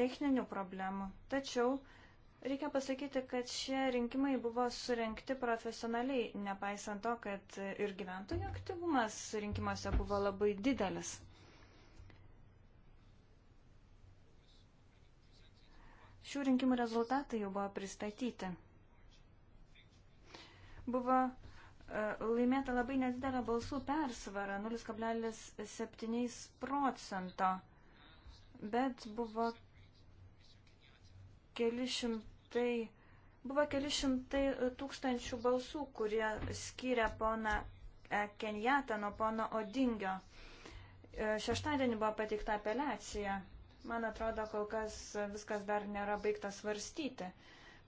techninių problemų, tačiau uh, Reikia pasakyti, kad šie rinkimai buvo surenkti profesionaliai, nepaisant to, kad ir gyventojų aktyvumas rinkimuose buvo labai didelis. Šių rinkimų rezultatai jau buvo pristatyti. Buvo e, laimėta labai nedidelė balsų persvara 0,7 procento, bet buvo keli šimtai šimtai, buvo keli šimtai tūkstančių balsų, kurie skyrė poną e, Kenjatą nuo pono Odingio. E, šeštadienį buvo pateikta apeliacija. Man atrodo, kol kas viskas dar nėra baigta svarstyti.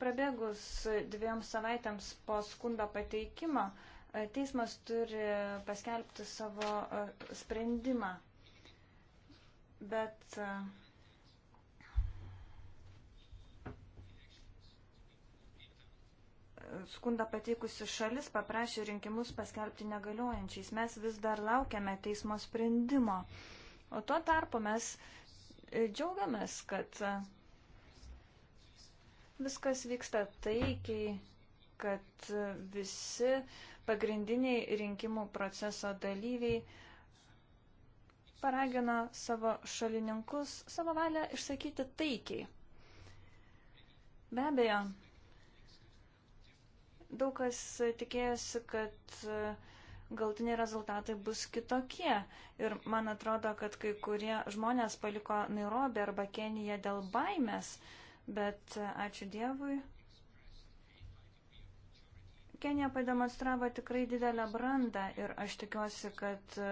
Prabėgus dviem savaitėms po skundo pateikimo, e, teismas turi paskelbti savo sprendimą. Bet uh, skundą pateikusi šalis paprašė rinkimus paskelbti negaliojančiais. Mes vis dar laukiame teismo sprendimo. O tuo tarpu mes e, džiaugiamės, kad e, viskas vyksta taikiai, kad e, visi pagrindiniai rinkimų proceso dalyviai paragino savo šalininkus savo valią išsakyti taikiai. Be abejo, Daug kas tikėjosi, kad e, galtiniai rezultatai bus kitokie. Ir man atrodo, kad kai kurie žmonės paliko Nairobį arba Keniją dėl baimės, bet e, ačiū Dievui. Kenija pademonstravo tikrai didelę brandą ir aš tikiuosi, kad e,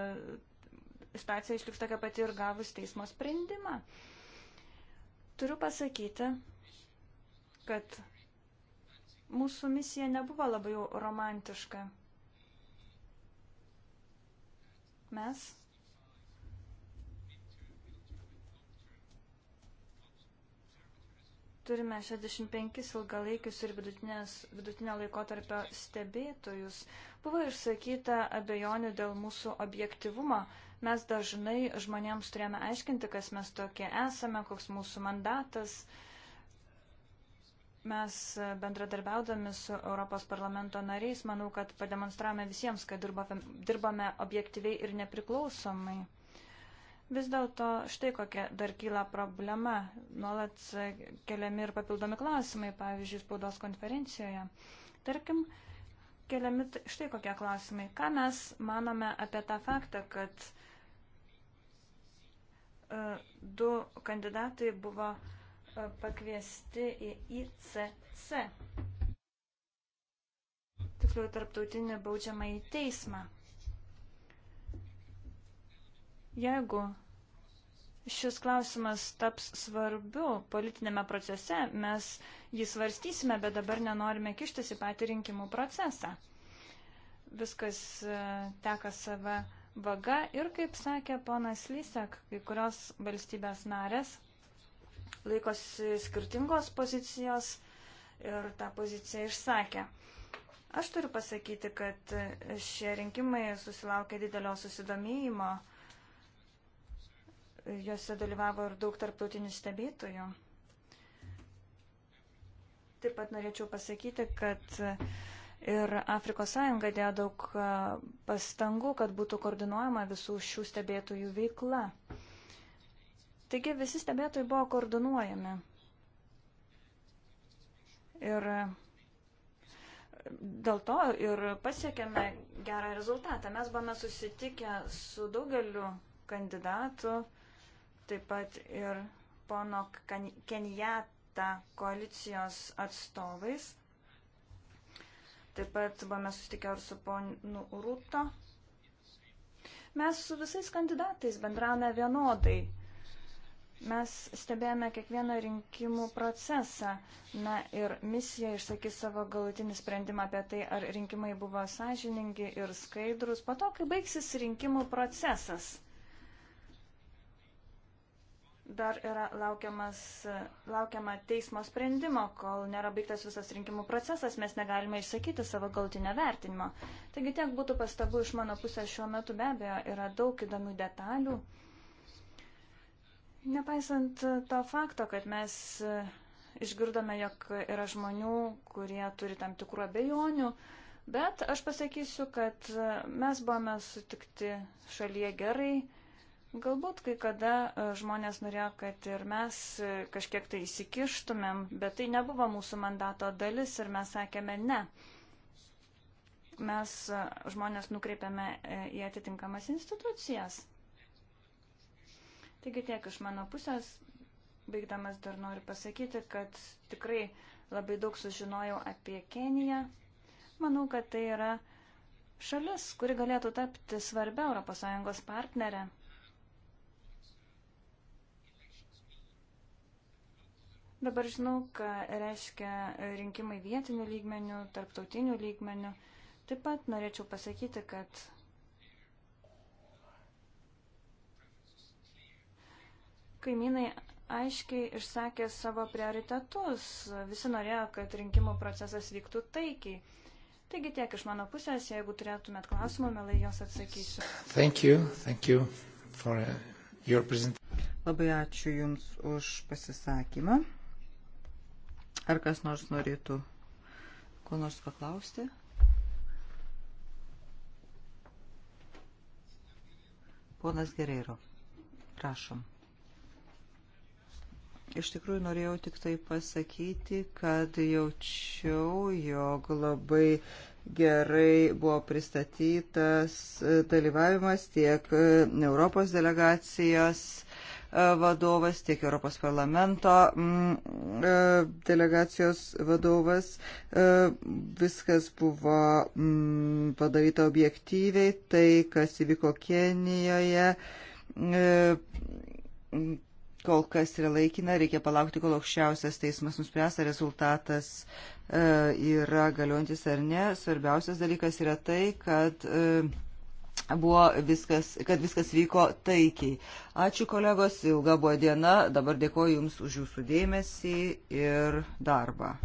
situacija išliks tokia pati ir gavus teismo sprendimą. Turiu pasakyti, kad Mūsų misija nebuvo labai romantiška. Mes turime 65 ilgalaikius ir vidutinio laikotarpio stebėtojus. Buvo išsakyta abejonių dėl mūsų objektivumo. Mes dažnai žmonėms turėjome aiškinti, kas mes tokie esame, koks mūsų mandatas. Uh, Mes e, bendradarbiaudami su Europos parlamento nariais, manau, kad pademonstravome visiems, kad dirbame objektyviai ir nepriklausomai. Vis dėlto štai kokia dar kyla problema. Nuolat e, keliami ir papildomi klausimai, pavyzdžiui, spaudos konferencijoje. Tarkim, keliami štai kokie klausimai. Ką mes manome apie tą faktą, kad e, du kandidatai buvo pakviesti į ICC. Tiksliau, tarptautinį baudžiamą į teismą. Jeigu šis klausimas taps svarbiu politinėme procese, mes jį svarstysime, bet dabar nenorime kištis į patį rinkimų procesą. Viskas e, teka sava vaga ir, kaip sakė ponas Lysek, kai kurios valstybės narės laikosi skirtingos pozicijos ir tą poziciją išsakė. Aš turiu pasakyti, kad šie rinkimai susilaukė didelio susidomėjimo. Juose dalyvavo ir daug tarptautinių stebėtojų. Taip pat norėčiau pasakyti, kad ir Afrikos Sąjunga dėjo daug pastangų, kad būtų koordinuojama visų šių stebėtojų veikla. Taigi visi stebėtojai buvo koordinuojami. Ir dėl to ir pasiekėme gerą rezultatą. Mes buvome susitikę su daugeliu kandidatų, taip pat ir pono Kenijata koalicijos atstovais. Taip pat buvome susitikę ir su ponu Rūto. Mes su visais kandidatais bendravome vienodai. Mes stebėjome kiekvieną rinkimų procesą. Na ir misija išsakys savo galutinį sprendimą apie tai, ar rinkimai buvo sąžiningi ir skaidrus po to, kai baigsis rinkimų procesas. Dar yra laukiamas, laukiama teismo sprendimo, kol nėra baigtas visas rinkimų procesas, mes negalime išsakyti savo galtinio vertinimo. Taigi tiek būtų pastabų iš mano pusės šiuo metu be abejo, yra daug įdomių detalių. Mm Nepaisant e, to fakto, kad mes e, išgirdome, jog yra žmonių, kurie turi tam tikrų abejonių, bet aš pasakysiu, kad e, mes buvome sutikti šalyje gerai. Galbūt kai kada žmonės norėjo, kad ir mes kažkiek tai įsikištumėm, bet tai nebuvo mūsų mandato dalis ir mes sakėme ne. Mes žmonės nukreipiame į atitinkamas institucijas. Taigi tiek iš mano pusės. Baigdamas dar noriu pasakyti, kad tikrai labai daug sužinojau apie Keniją. Manau, kad tai yra šalis, kuri galėtų tapti svarbia ES partnerė. Dabar žinau, ką reiškia rinkimai vietinių lygmenių, tarptautinių lygmenių. Taip pat norėčiau pasakyti, kad kaimynai aiškiai išsakė savo prioritetus. Visi norėjo, kad rinkimų procesas vyktų taikiai. Taigi tiek iš mano pusės, jeigu turėtumėt klausimų, melai jos atsakysiu. Thank you, thank you for uh, your Labai ačiū Jums už pasisakymą. Ar kas nors norėtų ko nors paklausti? Ponas Gerero, prašom. Iš tikrųjų norėjau tik tai pasakyti, kad jaučiau, jog labai gerai buvo pristatytas e, dalyvavimas tiek e, Europos delegacijos e, vadovas, tiek Europos parlamento mm, delegacijos vadovas. Viskas buvo mm, padaryta objektyviai, tai kas įvyko Kenijoje kol kas yra laikina, reikia palaukti, kol aukščiausias teismas nuspręs, ar rezultatas e, yra galiojantis ar ne. Svarbiausias dalykas yra tai, kad e, buvo viskas, kad viskas vyko taikiai. Ačiū kolegos, ilga buvo diena, dabar dėkoju Jums už Jūsų dėmesį ir darbą.